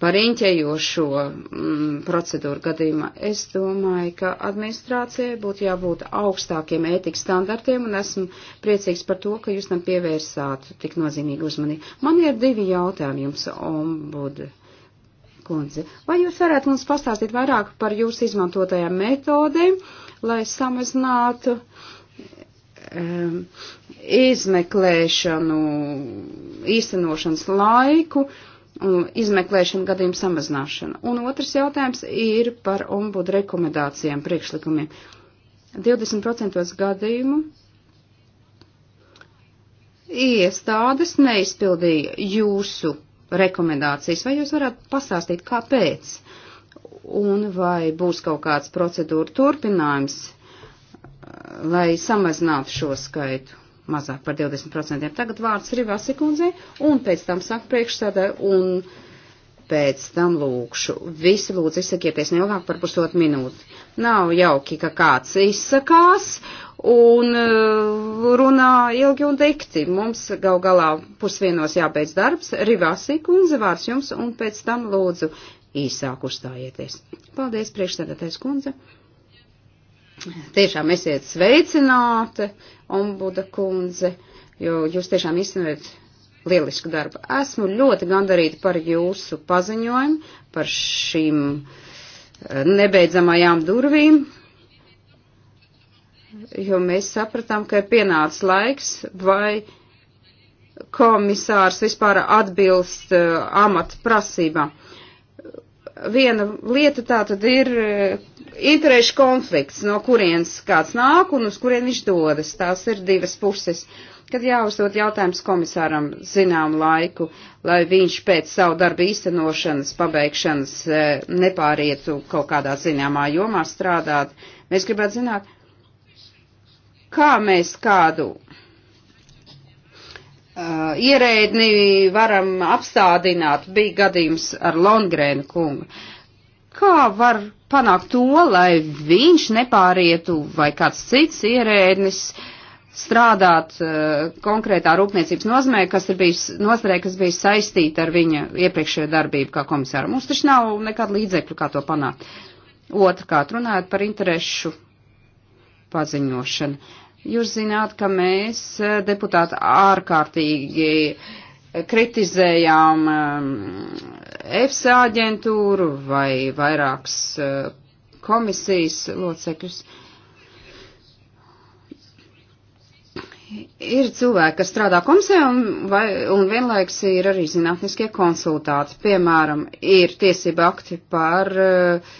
pariņķējošo mm, procedūru gadījumā. Es domāju, ka administrācijai būtu jābūt augstākiem ētikas standartiem, un esmu priecīgs par to, ka jūs tam pievērsāt tik nozīmīgu uzmanību. Man ir divi jautājumi jums, ombudu kundze. Vai jūs varētu mums pastāstīt vairāk par jūsu izmantotajām metodēm, lai samazinātu um, izmeklēšanu, īstenošanas laiku, um, izmeklēšanu gadījumu samazināšanu. Un otrs jautājums ir par ombudu rekomendācijām, priekšlikumiem. 20% gadījumu iestādes neizpildīja jūsu rekomendācijas, vai jūs varat pastāstīt, kāpēc? Un vai būs kaut kāds procedūra turpinājums? lai samazinātu šo skaitu mazāk par 20%. Tagad vārds Rivā sekundzē, un pēc tam saka priekšsēdē, un pēc tam lūkšu. Visi lūdzu izsakieties neilgāk par pusot minūti. Nav jauki, ka kāds izsakās un uh, runā ilgi un dikti. Mums gal galā pusvienos jābeidz darbs. Rivā sekundze vārds jums, un pēc tam lūdzu īsāk uzstājieties. Paldies, priekšsēdētais kundze. Tiešām esiet sveicināti, ombuda kundze, jo jūs tiešām izsniedzat lielisku darbu. Esmu ļoti gandarīta par jūsu paziņojumu, par šīm eh, nebeidzamajām durvīm, jo mēs sapratām, ka ir pienācis laiks, vai komisārs vispār atbilst uh, amata prasībām. Viena lieta tā tad ir eh, interešu konflikts, no kurienes kāds nāk un uz kurien viņš dodas. Tās ir divas puses. Kad jāuzdod jautājums komisāram zinām laiku, lai viņš pēc savu darbu īstenošanas, pabeigšanas e, nepārietu kaut kādā zināmā jomā strādāt, mēs gribētu zināt, kā mēs kādu Uh, ierēdni varam apstādināt, bija gadījums ar Longrēnu kungu. Kā var panākt to, lai viņš nepārietu vai kāds cits ierēdnis strādāt uh, konkrētā rūpniecības nozmē, kas ir bijis, nozarē, kas bija saistīta ar viņa iepriekšējo darbību kā komisāru. Mums taču nav nekāda līdzekļu, kā to panākt. Otrkārt, runājot par interešu paziņošanu. Jūs zināt, ka mēs eh, deputāti ārkārtīgi uh, kritizējām um, EFSA aģentūru vai vairākas uh, komisijas locekļus. Ir cilvēki, kas strādā komisijā un, vai, un vienlaiks ir arī zinātniskie konsultāti. Piemēram, ir tiesība akti par uh,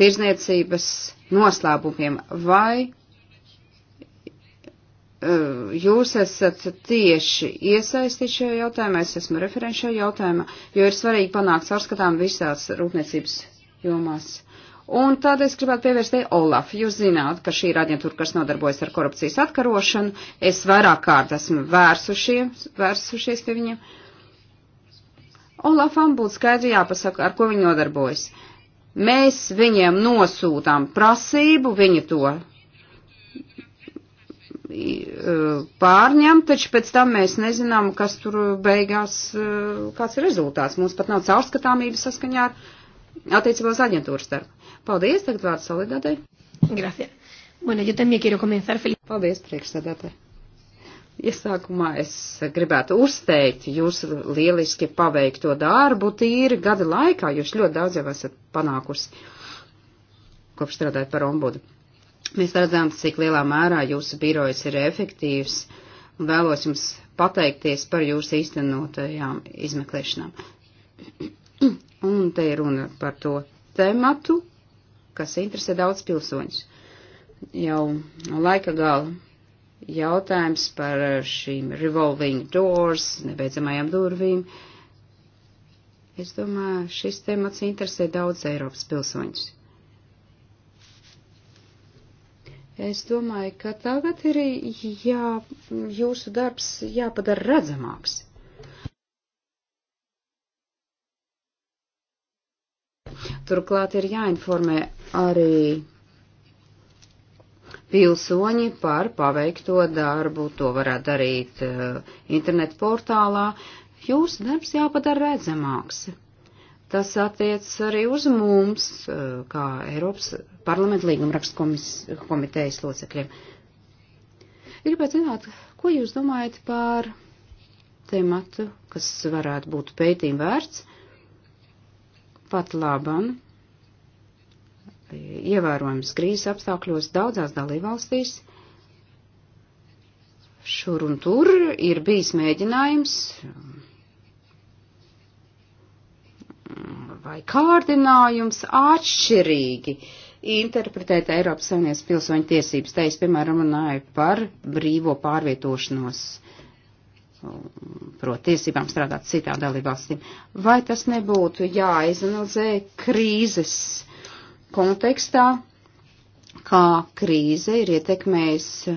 tirzniecības noslēpumiem vai Eh, jūs esat tieši iesaistīti šajā jautājumā, es esmu referents šajā jautājumā, jo ir svarīgi panākt sarskatām visās rūpniecības jomās. Un tad es gribētu pievērst Olaf. Jūs zināt, ka šī ir aģentūra, kas nodarbojas ar korupcijas atkarošanu. Es vairāk kārt esmu vērsušies, vērsušies pie viņiem. Olafam būtu skaidri jāpasaka, ar ko viņi nodarbojas. Mēs viņiem nosūtām prasību, viņi to Eh, pārņemt, taču pēc tam mēs nezinām, kas tur beigās, eh, kāds ir rezultāts. Mums pat nav caurskatāmības saskaņā ar attiecībā uz aģentūras darbu. Paldies, tagad vārds solidātei. Gracias. Bueno, yo también quiero comenzar feliz. Paldies, priekšsēdētāji. Iesākumā es gribētu uzteikt jūsu lieliski paveikto darbu tīri gada laikā. Jūs ļoti daudz jau esat panākusi, kopš strādājat par ombudu. Mēs redzam, cik lielā mērā jūsu birojas ir efektīvs un vēlos jums pateikties par jūsu īstenotajām izmeklēšanām. Un te ir runa par to tematu, kas interesē daudz pilsoņus. Jau laika gala jautājums par šīm revolving doors, nebeidzamajām durvīm. Es domāju, šis temats interesē daudz Eiropas pilsoņus. Es domāju, ka tagad ir jā, jūsu darbs jāpadara redzamāks. Turklāt ir jāinformē arī pilsoņi par paveikto darbu. To varētu darīt uh, eh, internetu portālā. Jūsu darbs jāpadara redzamāks. Tas attiecas arī uz mums, eh, kā Eiropas parlamenta līgumrakstu komitejas locekļiem. Gribētu zināt, ko jūs domājat par tematu, kas varētu būt pētījuma vērts, pat laban, ievērojams krīzes apstākļos daudzās dalībvalstīs. Šur un tur ir bijis mēģinājums vai kārdinājums atšķirīgi interpretēt Eiropas Savienības pilsoņu tiesības. Te es, piemēram, runāju par brīvo pārvietošanos, proti tiesībām strādāt citā dalībvalstīm. Vai tas nebūtu jāizanalizē krīzes kontekstā, kā krīze ir ietekmējusi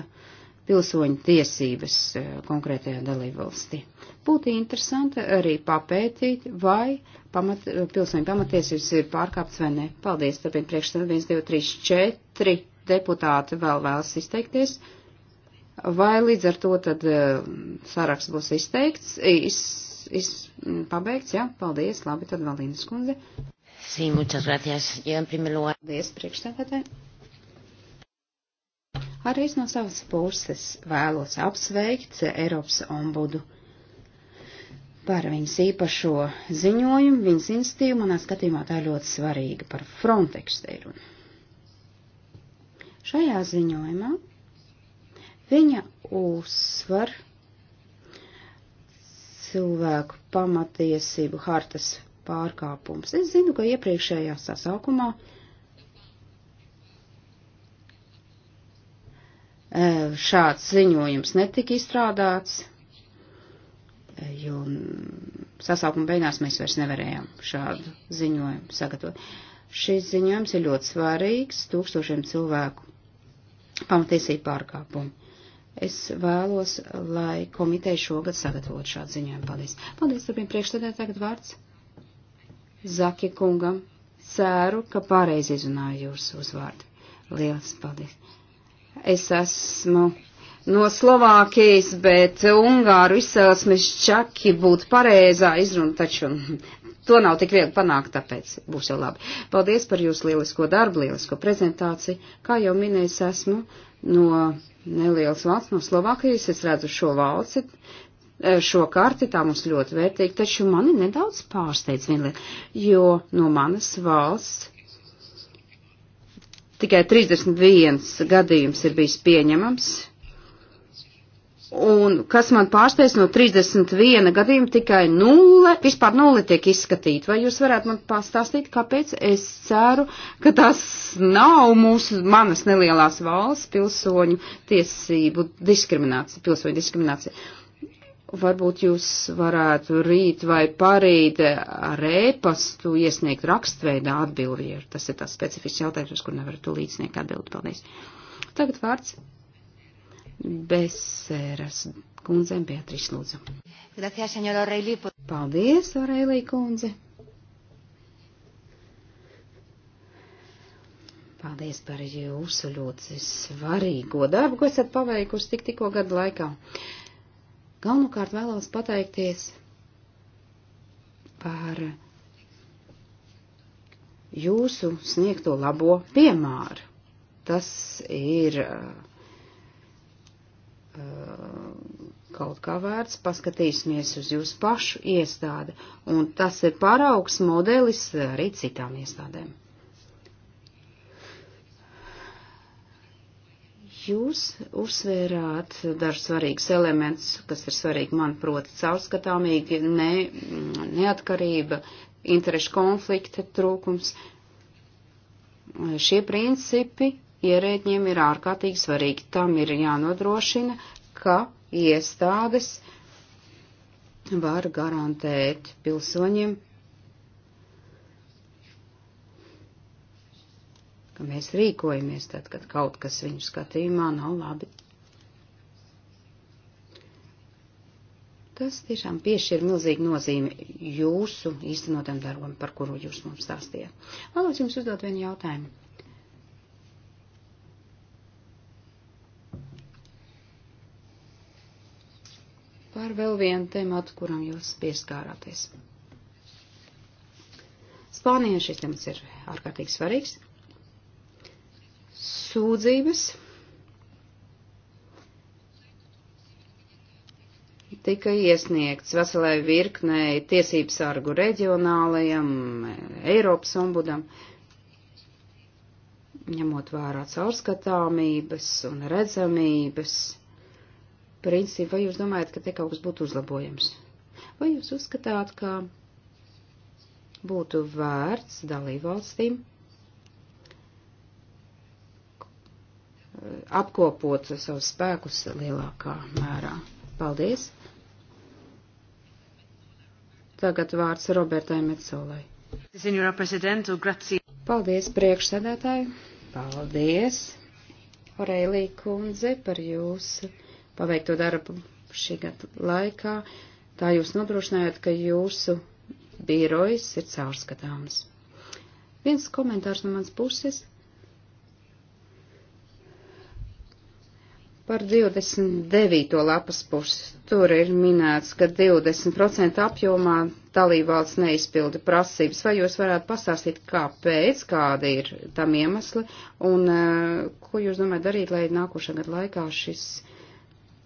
pilsoņu tiesības eh, konkrētajā dalībvalstī? Būtu interesanti arī papētīt, vai pamat, pilsoņu pamatiesības ir pārkāpts vai ne. Paldies, tāpēc priekšstādā 1, 2, 3, 4 deputāti vēl vēlas izteikties. Vai līdz ar to tad eh, saraksts būs izteikts, iz, iz, pabeigts, jā, ja? paldies, labi, tad Valīnas kundze. Sí, muchas gracias. Yo en primer lugar. Paldies, priekšstādātāji. Arī no savas puses vēlos apsveikt Eiropas ombudu par viņas īpašo ziņojumu, viņas institīvu, manā skatījumā tā ir ļoti svarīga par Frontex te runa. Šajā ziņojumā viņa uzsver cilvēku pamatiesību hartas pārkāpums. Es zinu, ka iepriekšējā sasaukumā eh, šāds ziņojums netika izstrādāts jo mm, sasaukuma beigās mēs vairs nevarējām šādu ziņojumu sagatavot. Šis ziņojums ir ļoti svarīgs tūkstošiem cilvēku pamatiesību pārkāpumu. Es vēlos, lai komiteja šogad sagatavot šādu ziņojumu. Paldies. Paldies, turpin priekšstādē tagad vārds. Zaki kungam. Ceru, ka pareizi izrunāju jūsu uzvārdu. Lielas paldies. Es esmu no Slovākijas, bet Ungāru izcelsmes čaki būtu pareizā izruna, taču to nav tik viegli panākt, tāpēc būs jau labi. Paldies par jūsu lielisko darbu, lielisko prezentāciju. Kā jau minējis, esmu no nelielas valsts, no Slovākijas, es redzu šo valci, šo karti, tā mums ļoti vērtīgi, taču mani nedaudz pārsteidz vienlīdz, jo no manas valsts tikai 31 gadījums ir bijis pieņemams Un kas man pārsteidz, no 31 gadījuma tikai nulle, vispār nulle tiek izskatīta. Vai jūs varētu man pastāstīt, kāpēc es ceru, ka tas nav mūsu, manas nelielās valsts pilsoņu tiesību diskriminācija, pilsoņu diskriminācija? Varbūt jūs varētu rīt vai parīt ar ēpastu iesniegt rakstveidā atbildi, ja tas ir tas specifisks jautājums, uz kur nevarat līdzniegt atbildi. Paldies. Tagad vārds Beseras kundzēm Beatrice Lūdzu. Gracias, senjora Reilī. Paldies, Reilī kundze. Paldies par jūsu ļoti svarīgo darbu, ko esat paveikusi tik tikko gadu laikā. Galvenokārt vēlos pateikties par jūsu sniegto labo piemāru. Tas ir uh, Uh, kaut kā vērts, paskatīsimies uz jūsu pašu iestādi, un tas ir paraugs modelis arī citām iestādēm. Jūs uzsvērāt dažus svarīgus elementus, kas ir svarīgi man, proti, caurskatāmīgi, ne, neatkarība, interešu konflikta trūkums. Šie principi ierēģiem ir ārkārtīgi svarīgi. Tam ir jānodrošina, ka iestādes var garantēt pilsoņiem, ka mēs rīkojamies tad, kad kaut kas viņu skatījumā nav labi. Tas tiešām piešķir milzīgu nozīmi jūsu īstenotam darbam, par kuru jūs mums stāstījāt. Vēlos jums uzdot vienu jautājumu. par vēl vienu tematu, kuram jūs pieskārāties. Spānijā šis temats ir ārkārtīgi svarīgs. Sūdzības tika iesniegts veselai virknei tiesības sargu reģionālajam, Eiropas ombudam, ņemot vērā caurskatāmības un redzamības principu, vai jūs domājat, ka te kaut kas būtu uzlabojams? Vai jūs uzskatāt, ka būtu vērts dalībvalstīm eh, apkopot savus spēkus lielākā mērā? Paldies! Tagad vārds Robertai Metsolai. Paldies, priekšsēdētāji! Paldies, Orēlī kundze, par jūsu paveikto darbu šī gada laikā. Tā jūs nodrošinājāt, ka jūsu birojs ir caurskatāms. Viens komentārs no mans puses par 29. lapas pusi. Tur ir minēts, ka 20% apjomā dalībvalsts neizpilda prasības. Vai jūs varētu pastāstīt, kāpēc, kādi ir tam iemesli un eh, ko jūs domājat darīt, lai nākošā gada laikā šis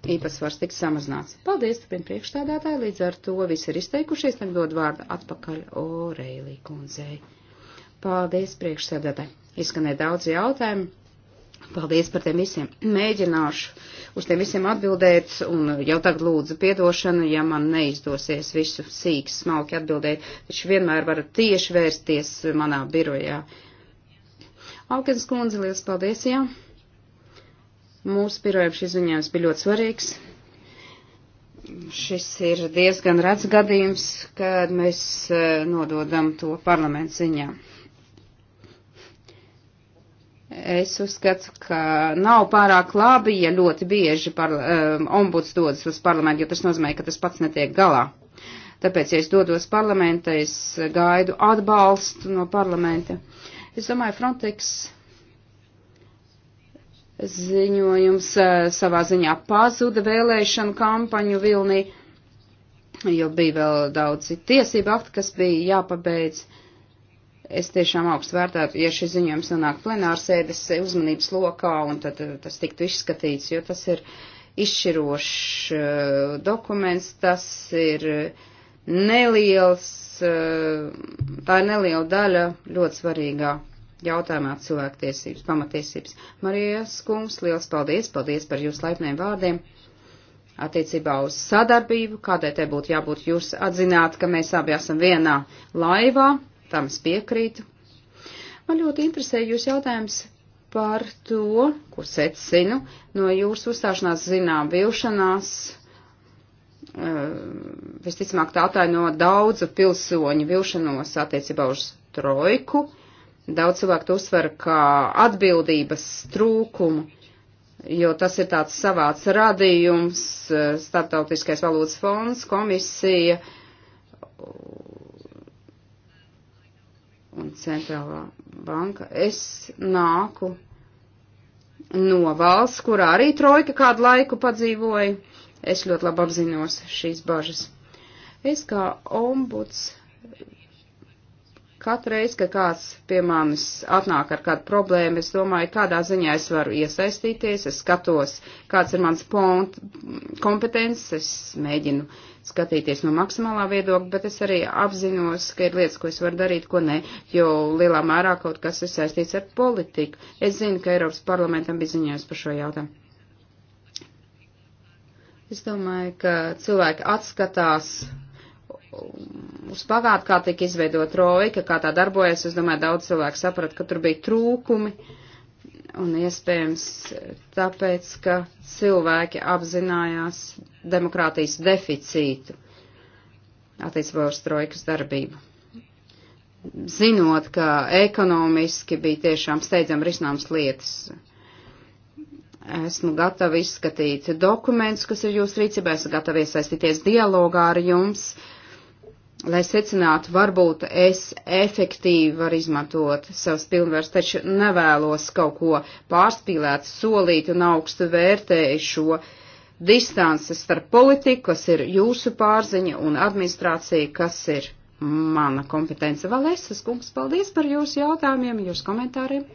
īpatsvars tiks samazināts. Paldies, turpin priekšstādātāji, līdz ar to visi ir izteikušies, tagad dod vārdu atpakaļ Oreilī kundzei. Paldies, priekšstādātāji. Izskanēja daudz jautājumu. Paldies par tiem visiem. Mēģināšu uz tiem visiem atbildēt un jau tagad lūdzu piedošanu, ja man neizdosies visu sīk smalki atbildēt, taču vienmēr varat tieši vērsties manā birojā. Aukens kundze, liels paldies, jā. Ja. Mūsu pirojiem šis ziņojums bija ļoti svarīgs. Šis ir diezgan rats gadījums, kad mēs eh, nododam to parlamentu ziņā. Es uzskatu, ka nav pārāk labi, ja ļoti bieži par, um, ombuds dodas uz parlamentu, jo tas nozīmē, ka tas pats netiek galā. Tāpēc, ja es dodos parlamentā, es gaidu atbalstu no parlamenta. Es domāju, Frontex ziņojums eh, savā ziņā pazuda vēlēšanu kampaņu vilnī, jo bija vēl daudzi tiesību akti, kas bija jāpabeidz. Es tiešām augstu vērtētu, ja šis ziņojums nonāk plenārsēdes uzmanības lokā un tad eh, tas tiktu izskatīts, jo tas ir izšķirošs uh, dokuments, tas ir neliels, uh, tā ir neliela daļa ļoti svarīgā jautājumā cilvēktiesības, pamatiesības. Marijas kungs, liels paldies, paldies par jūsu laipniem vārdiem attiecībā uz sadarbību, kādai te būtu jābūt jūs atzināt, ka mēs abi esam vienā laivā, tam es piekrītu. Man ļoti interesē jūs jautājums par to, ko secinu, no jūsu uzstāšanās zinām vilšanās, eh, visticamāk tā tā no daudzu pilsoņu vilšanos attiecībā uz trojku Daudz cilvēku to uzsver kā atbildības trūkumu, jo tas ir tāds savāds radījums, eh, starptautiskais valūtas fonds, komisija un centrālā banka. Es nāku no valsts, kurā arī trojka kādu laiku padzīvoja. Es ļoti labi apzinos šīs bažas. Es kā ombuds Katru reizi, kad kāds pie manis atnāk ar kādu problēmu, es domāju, kādā ziņā es varu iesaistīties, es skatos, kāds ir mans kompetences, es mēģinu skatīties no maksimālā viedokļa, bet es arī apzinos, ka ir lietas, ko es varu darīt, ko nē, jo lielā mērā kaut kas ir saistīts ar politiku. Es zinu, ka Eiropas parlamentam bija ziņojums par šo jautājumu. Es domāju, ka cilvēki atskatās uz pagātni, kā tika izveidot trojka, kā tā darbojas, es domāju, daudz cilvēku saprata, ka tur bija trūkumi, un iespējams tāpēc, ka cilvēki apzinājās demokrātijas deficītu attiecībā uz trojkas darbību. Zinot, ka ekonomiski bija tiešām steidzam risināms lietas, esmu gatava izskatīt dokumentus, kas ir jūsu rīcībā, esmu gatava iesaistīties dialogā ar jums, uh, lai secinātu, varbūt es efektīvi varu izmantot savas pilnvaras, taču nevēlos kaut ko pārspīlēt, solīt un augstu vērtēju šo distanci starp politiku, kas ir jūsu pārziņa, un administrāciju, kas ir mana kompetence. Valēsas kungs, paldies par jūsu jautājumiem, jūsu komentāriem.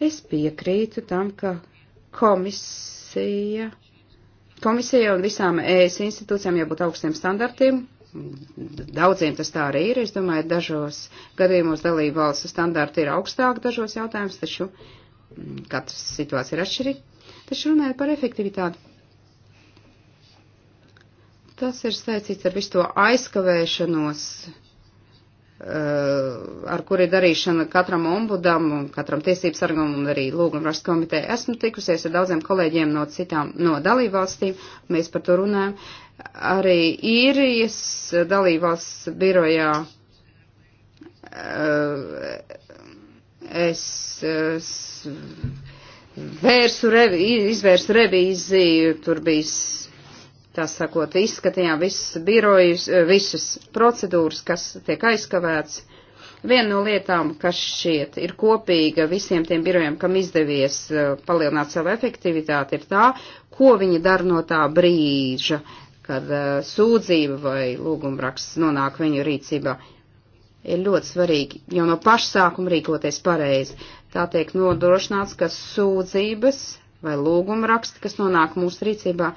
Es piekrītu tam, ka komisija, komisija un visām ES institūcijām jābūt augstiem standartiem Daudziem tas tā arī ir. Es domāju, dažos gadījumos dalību valstu standarti ir augstāki dažos jautājumus, taču mm, katras situācija ir atšķirīga. Taču runājot par efektivitāti. Tas ir saistīts ar visu to aizkavēšanos, eh, ar kuri darīšana katram ombudam, katram tiesības sargam un arī lūgumrakstu komiteja. Esmu tikusies ar daudziem kolēģiem no citām, no dalībvalstīm, mēs par to runājam arī īrijas dalībvalsts birojā es, es vērsu revi, izvērsu revīziju, tur bija, tā sakot, izskatījām visas birojas, visas procedūras, kas tiek aizkavēts. Viena no lietām, kas šķiet ir kopīga visiem tiem birojiem, kam izdevies eh, palielināt savu efektivitāti, ir tā, ko viņi dara no tā brīža, kad uh, sūdzība vai lūgumraksts nonāk viņu rīcībā. Ir ļoti svarīgi jau no paša sākuma rīkoties pareizi. Tā tiek nodrošināts, ka sūdzības vai lūgumraksti, kas nonāk mūsu rīcībā,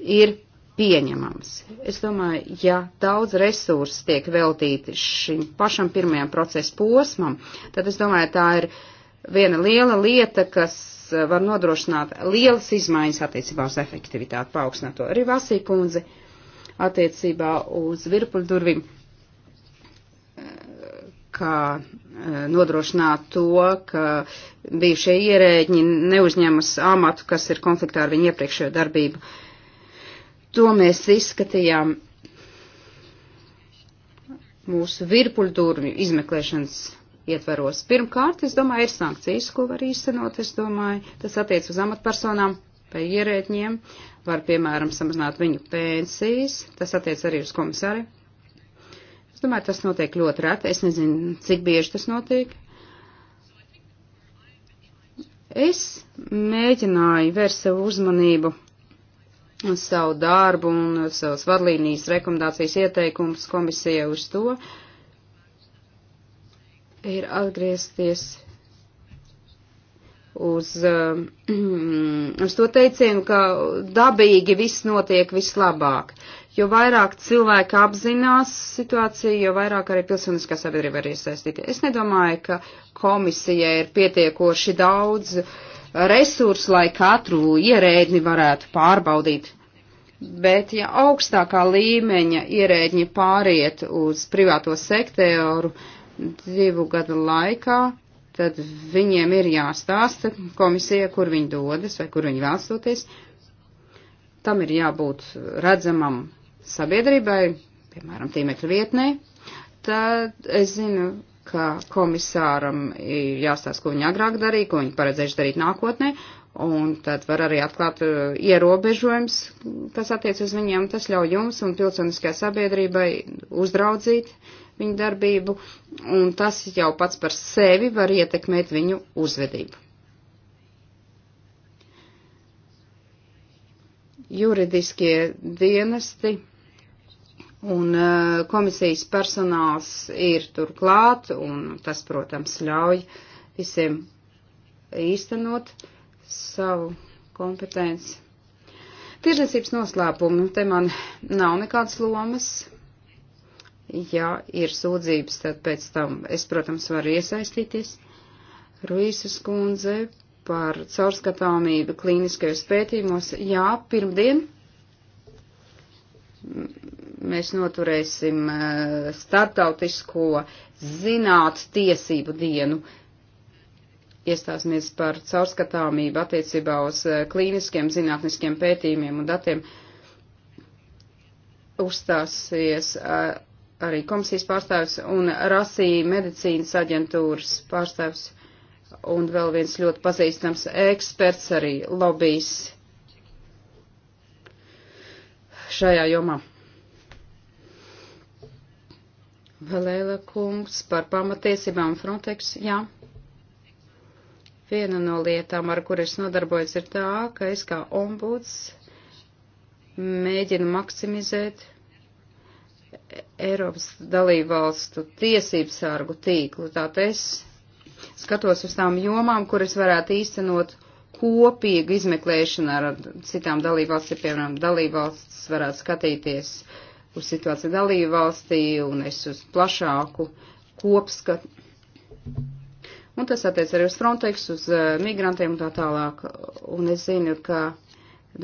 ir pieņemams. Es domāju, ja daudz resursu tiek veltīti šim pašam pirmajam procesa posmam, tad es domāju, tā ir viena liela lieta, kas Eh, var nodrošināt lielas izmaiņas attiecībā uz efektivitāti paaugstināto. Arī Vasī kundze attiecībā uz virpuļdurvīm, eh, kā eh, nodrošināt to, ka bijušie ierēģi neuzņemas amatu, kas ir konfliktā ar viņu iepriekšējo darbību. To mēs izskatījām mūsu virpuļdurvju izmeklēšanas ietveros. Pirmkārt, es domāju, ir sankcijas, ko var īstenot, es domāju, tas attiec uz amatpersonām vai ierēķiem, var, piemēram, samazināt viņu pensijas, tas attiec arī uz komisāri. Es domāju, tas notiek ļoti reti, es nezinu, cik bieži tas notiek. Es mēģināju vērst savu uzmanību savu darbu un savas vadlīnijas rekomendācijas ieteikumus komisijai uz to, ir atgriezties uz, um, uz to teicienu, ka dabīgi viss notiek vislabāk. Jo vairāk cilvēki apzinās situāciju, jo vairāk arī pilsoniskā sabiedrība var iesaistīties. Es nedomāju, ka komisija ir pietiekoši daudz resursu, lai katru ierēdni varētu pārbaudīt. Bet ja augstākā līmeņa ierēģi pāriet uz privāto sektoru, uh, divu gadu laikā, tad viņiem ir jāstāsta komisija, kur viņi dodas vai kur viņi vēlas doties. Tam ir jābūt redzamam sabiedrībai, piemēram, tīmekļa vietnē. Tad es zinu, ka komisāram ir jāstāsta, ko viņi agrāk darīja, ko viņi paredzējuši darīt nākotnē, Un tad var arī atklāt uh, ierobežojums, kas attiec uz viņiem. Tas ļauj jums un pilsoniskajai sabiedrībai uzraudzīt viņu darbību, un tas jau pats par sevi var ietekmēt viņu uzvedību. Juridiskie dienesti un uh, komisijas personāls ir turklāt, un tas, protams, ļauj visiem īstenot uh, savu kompetenci. Tirzniecības noslēpumu te man nav nekādas lomas. Ja ir sūdzības, tad pēc tam es, protams, varu iesaistīties. Ruīsas kundze par caurskatāmību klīniskajos pētījumos. Jā, pirmdien mēs noturēsim eh, startautisko zināt tiesību dienu iestāsimies par caurskatāmību attiecībā uz eh, klīniskiem zinātniskiem pētījumiem un datiem. Uzstāsies eh, arī komisijas pārstāvis un rasīja medicīnas aģentūras pārstāvis un vēl viens ļoti pazīstams eksperts arī lobijs šajā jomā. Valēla kungs par pamatiesībām Frontex, jā. Viena no lietām, ar kur es nodarbojos, ir tā, ka es kā ombuds mēģinu maksimizēt Eiropas dalībvalstu tiesību sārgu tīklu. Tātad es skatos uz tām jomām, kuras varētu īstenot kopīgu izmeklēšanu ar citām dalībvalstīm, piemēram, dalībvalsts varētu skatīties uz situāciju dalībvalstī un es uz plašāku kopskatu. Un tas attiec arī uz Frontex, uz uh, migrantiem un tā tālāk. Un es zinu, ka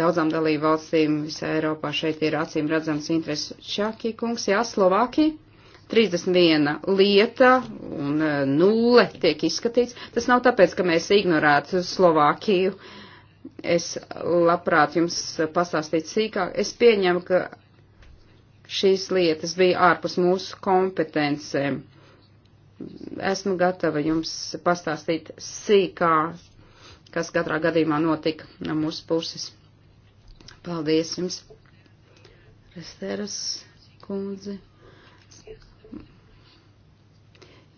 daudzām dalību valstīm visā Eiropā šeit ir acīm redzams interesi. Čaki kungs, jā, Slovākija. 31 lieta un uh, nulle tiek izskatīts. Tas nav tāpēc, ka mēs ignorētu Slovākiju. Es labprāt jums pastāstītu sīkāk. Es pieņemu, ka šīs lietas bija ārpus mūsu kompetencēm esmu gatava jums pastāstīt sīkā, kas katrā gadījumā notika no mūsu puses. Paldies jums, Resteras kundze.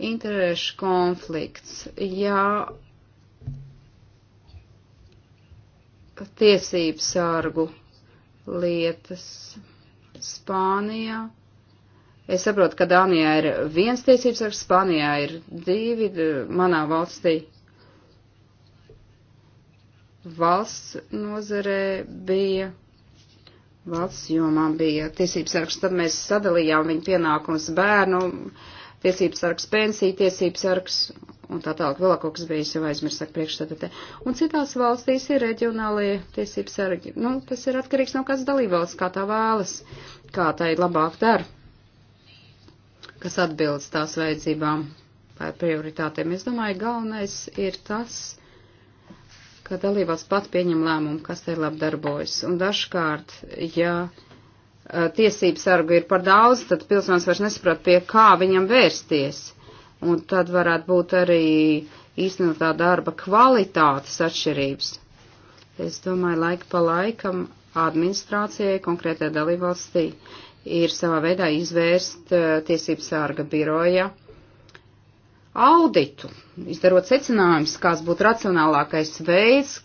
Interešu konflikts. Jā, tiesības sārgu lietas Spānijā Es saprotu, ka Dānijā ir viens tiesības sargs, Spānijā ir divi, manā valstī. Valsts nozarē bija, valsts jomā bija tiesības sargs, tad mēs sadalījām viņu pienākumus bērnu, tiesības sargs pensija, tiesības sargs un tā tālāk. Vēl kaut kas bija, es jau aizmirsu, saka priekšstatotē. Un citās valstīs ir reģionālie tiesības sargi. Nu, tas ir atkarīgs no kāds dalībvalsts, kā tā vēlas, kā tā ir labāk dara kas atbilst tās vajadzībām vai prioritātēm. Es domāju, galvenais ir tas, ka dalībās pat pieņem lēmumu, kas te labi darbojas. Un dažkārt, ja tiesības sargu ir par daudz, tad pilsonis vairs nesaprot, pie kā viņam vērsties. Un tad varētu būt arī īstenotā darba kvalitātes atšķirības. Es domāju, laika pa laikam administrācijai konkrētajā dalībvalstī ir savā veidā izvērst eh, tiesības sārga biroja auditu, izdarot secinājumus, kāds būtu racionālākais veids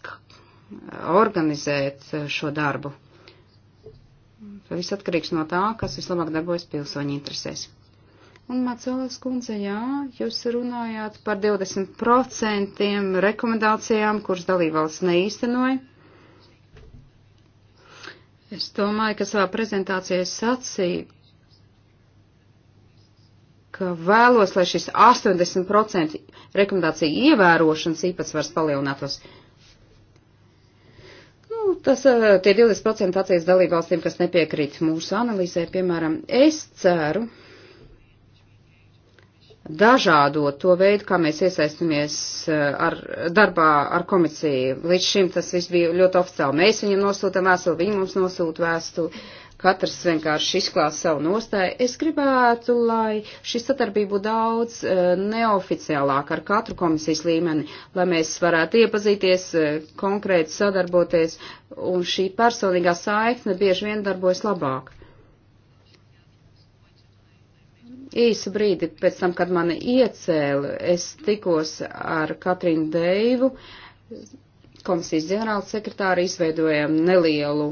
organizēt eh, šo darbu. Tas viss atkarīgs no tā, kas vislabāk darbojas pilsoņu interesēs. Un, Macelas kundze, jā, jūs runājāt par 20% rekomendācijām, kuras dalībvalsts neīstenoja. Es domāju, ka savā prezentācijā sacīju, ka vēlos, lai šis 80% rekomendācija ievērošanas īpatsvars palielinātos. Nu, tas eh, tie 20% attiec dalībvalstīm, kas nepiekrīt mūsu analīzē, piemēram. Es ceru, dažādot to veidu, kā mēs iesaistamies eh, ar darbā ar komisiju. Līdz šim tas viss bija ļoti oficiāli. Mēs viņam nosūtam vēstuli, viņi mums nosūta vēstuli. Katrs vienkārši izklās savu nostāju. Es gribētu, lai šī satarbība būtu daudz eh, neoficiālāk ar katru komisijas līmeni, lai mēs varētu iepazīties, eh, konkrēti sadarboties, un šī personīgā saikne bieži vien darbojas labāk. īsu brīdi pēc tam, kad mani iecēla, es tikos ar Katrīnu Deivu, komisijas ģenerāla sekretāru, izveidojam nelielu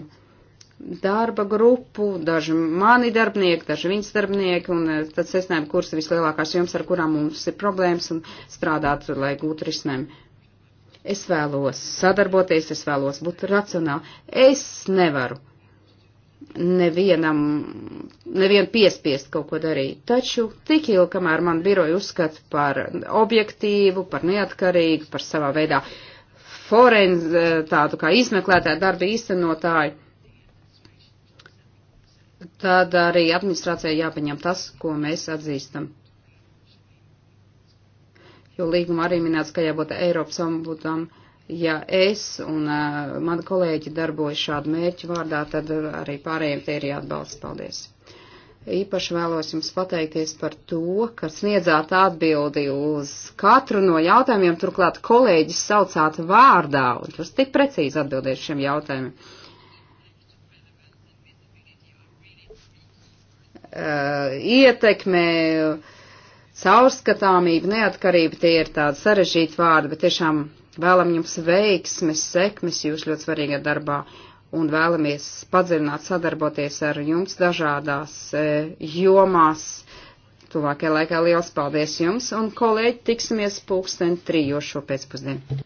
darba grupu, daži mani darbinieki, daži viņas darbinieki, un eh, tad secinājām, kuras ir vislielākās jums, ar kurām mums ir problēmas, un strādāt, lai gūtu risinājumu. Es vēlos sadarboties, es vēlos būt racionāli. Es nevaru nevienam, nevienu piespiest kaut ko darīt. Taču tik ilgi, kamēr man biroja uzskata par objektīvu, par neatkarīgu, par savā veidā forenz, eh, tādu kā izmeklētāju darbu īstenotāju, tad arī administrācijai jāpaņem tas, ko mēs atzīstam. Jo līguma arī minēts, ka jābūt Eiropas ombudam ja es un uh, mani kolēģi darbojas šādu mērķu vārdā, tad arī pārējiem tie ir jāatbalsta. Paldies! Īpaši vēlos jums pateikties par to, ka sniedzāt atbildi uz katru no jautājumiem, turklāt kolēģis saucāt vārdā, un jūs tik precīzi atbildējat šiem jautājumiem. Uh, ietekme uh, caurskatāmība, neatkarība, tie ir tādi sarežģīti vārdi, bet tiešām Vēlam jums veiksmes, sekmes jūs ļoti svarīgā darbā un vēlamies padziļināt sadarboties ar jums dažādās e, jomās. Tuvākajā laikā liels paldies jums un kolēģi tiksimies pulksten trījošo pēcpusdienu.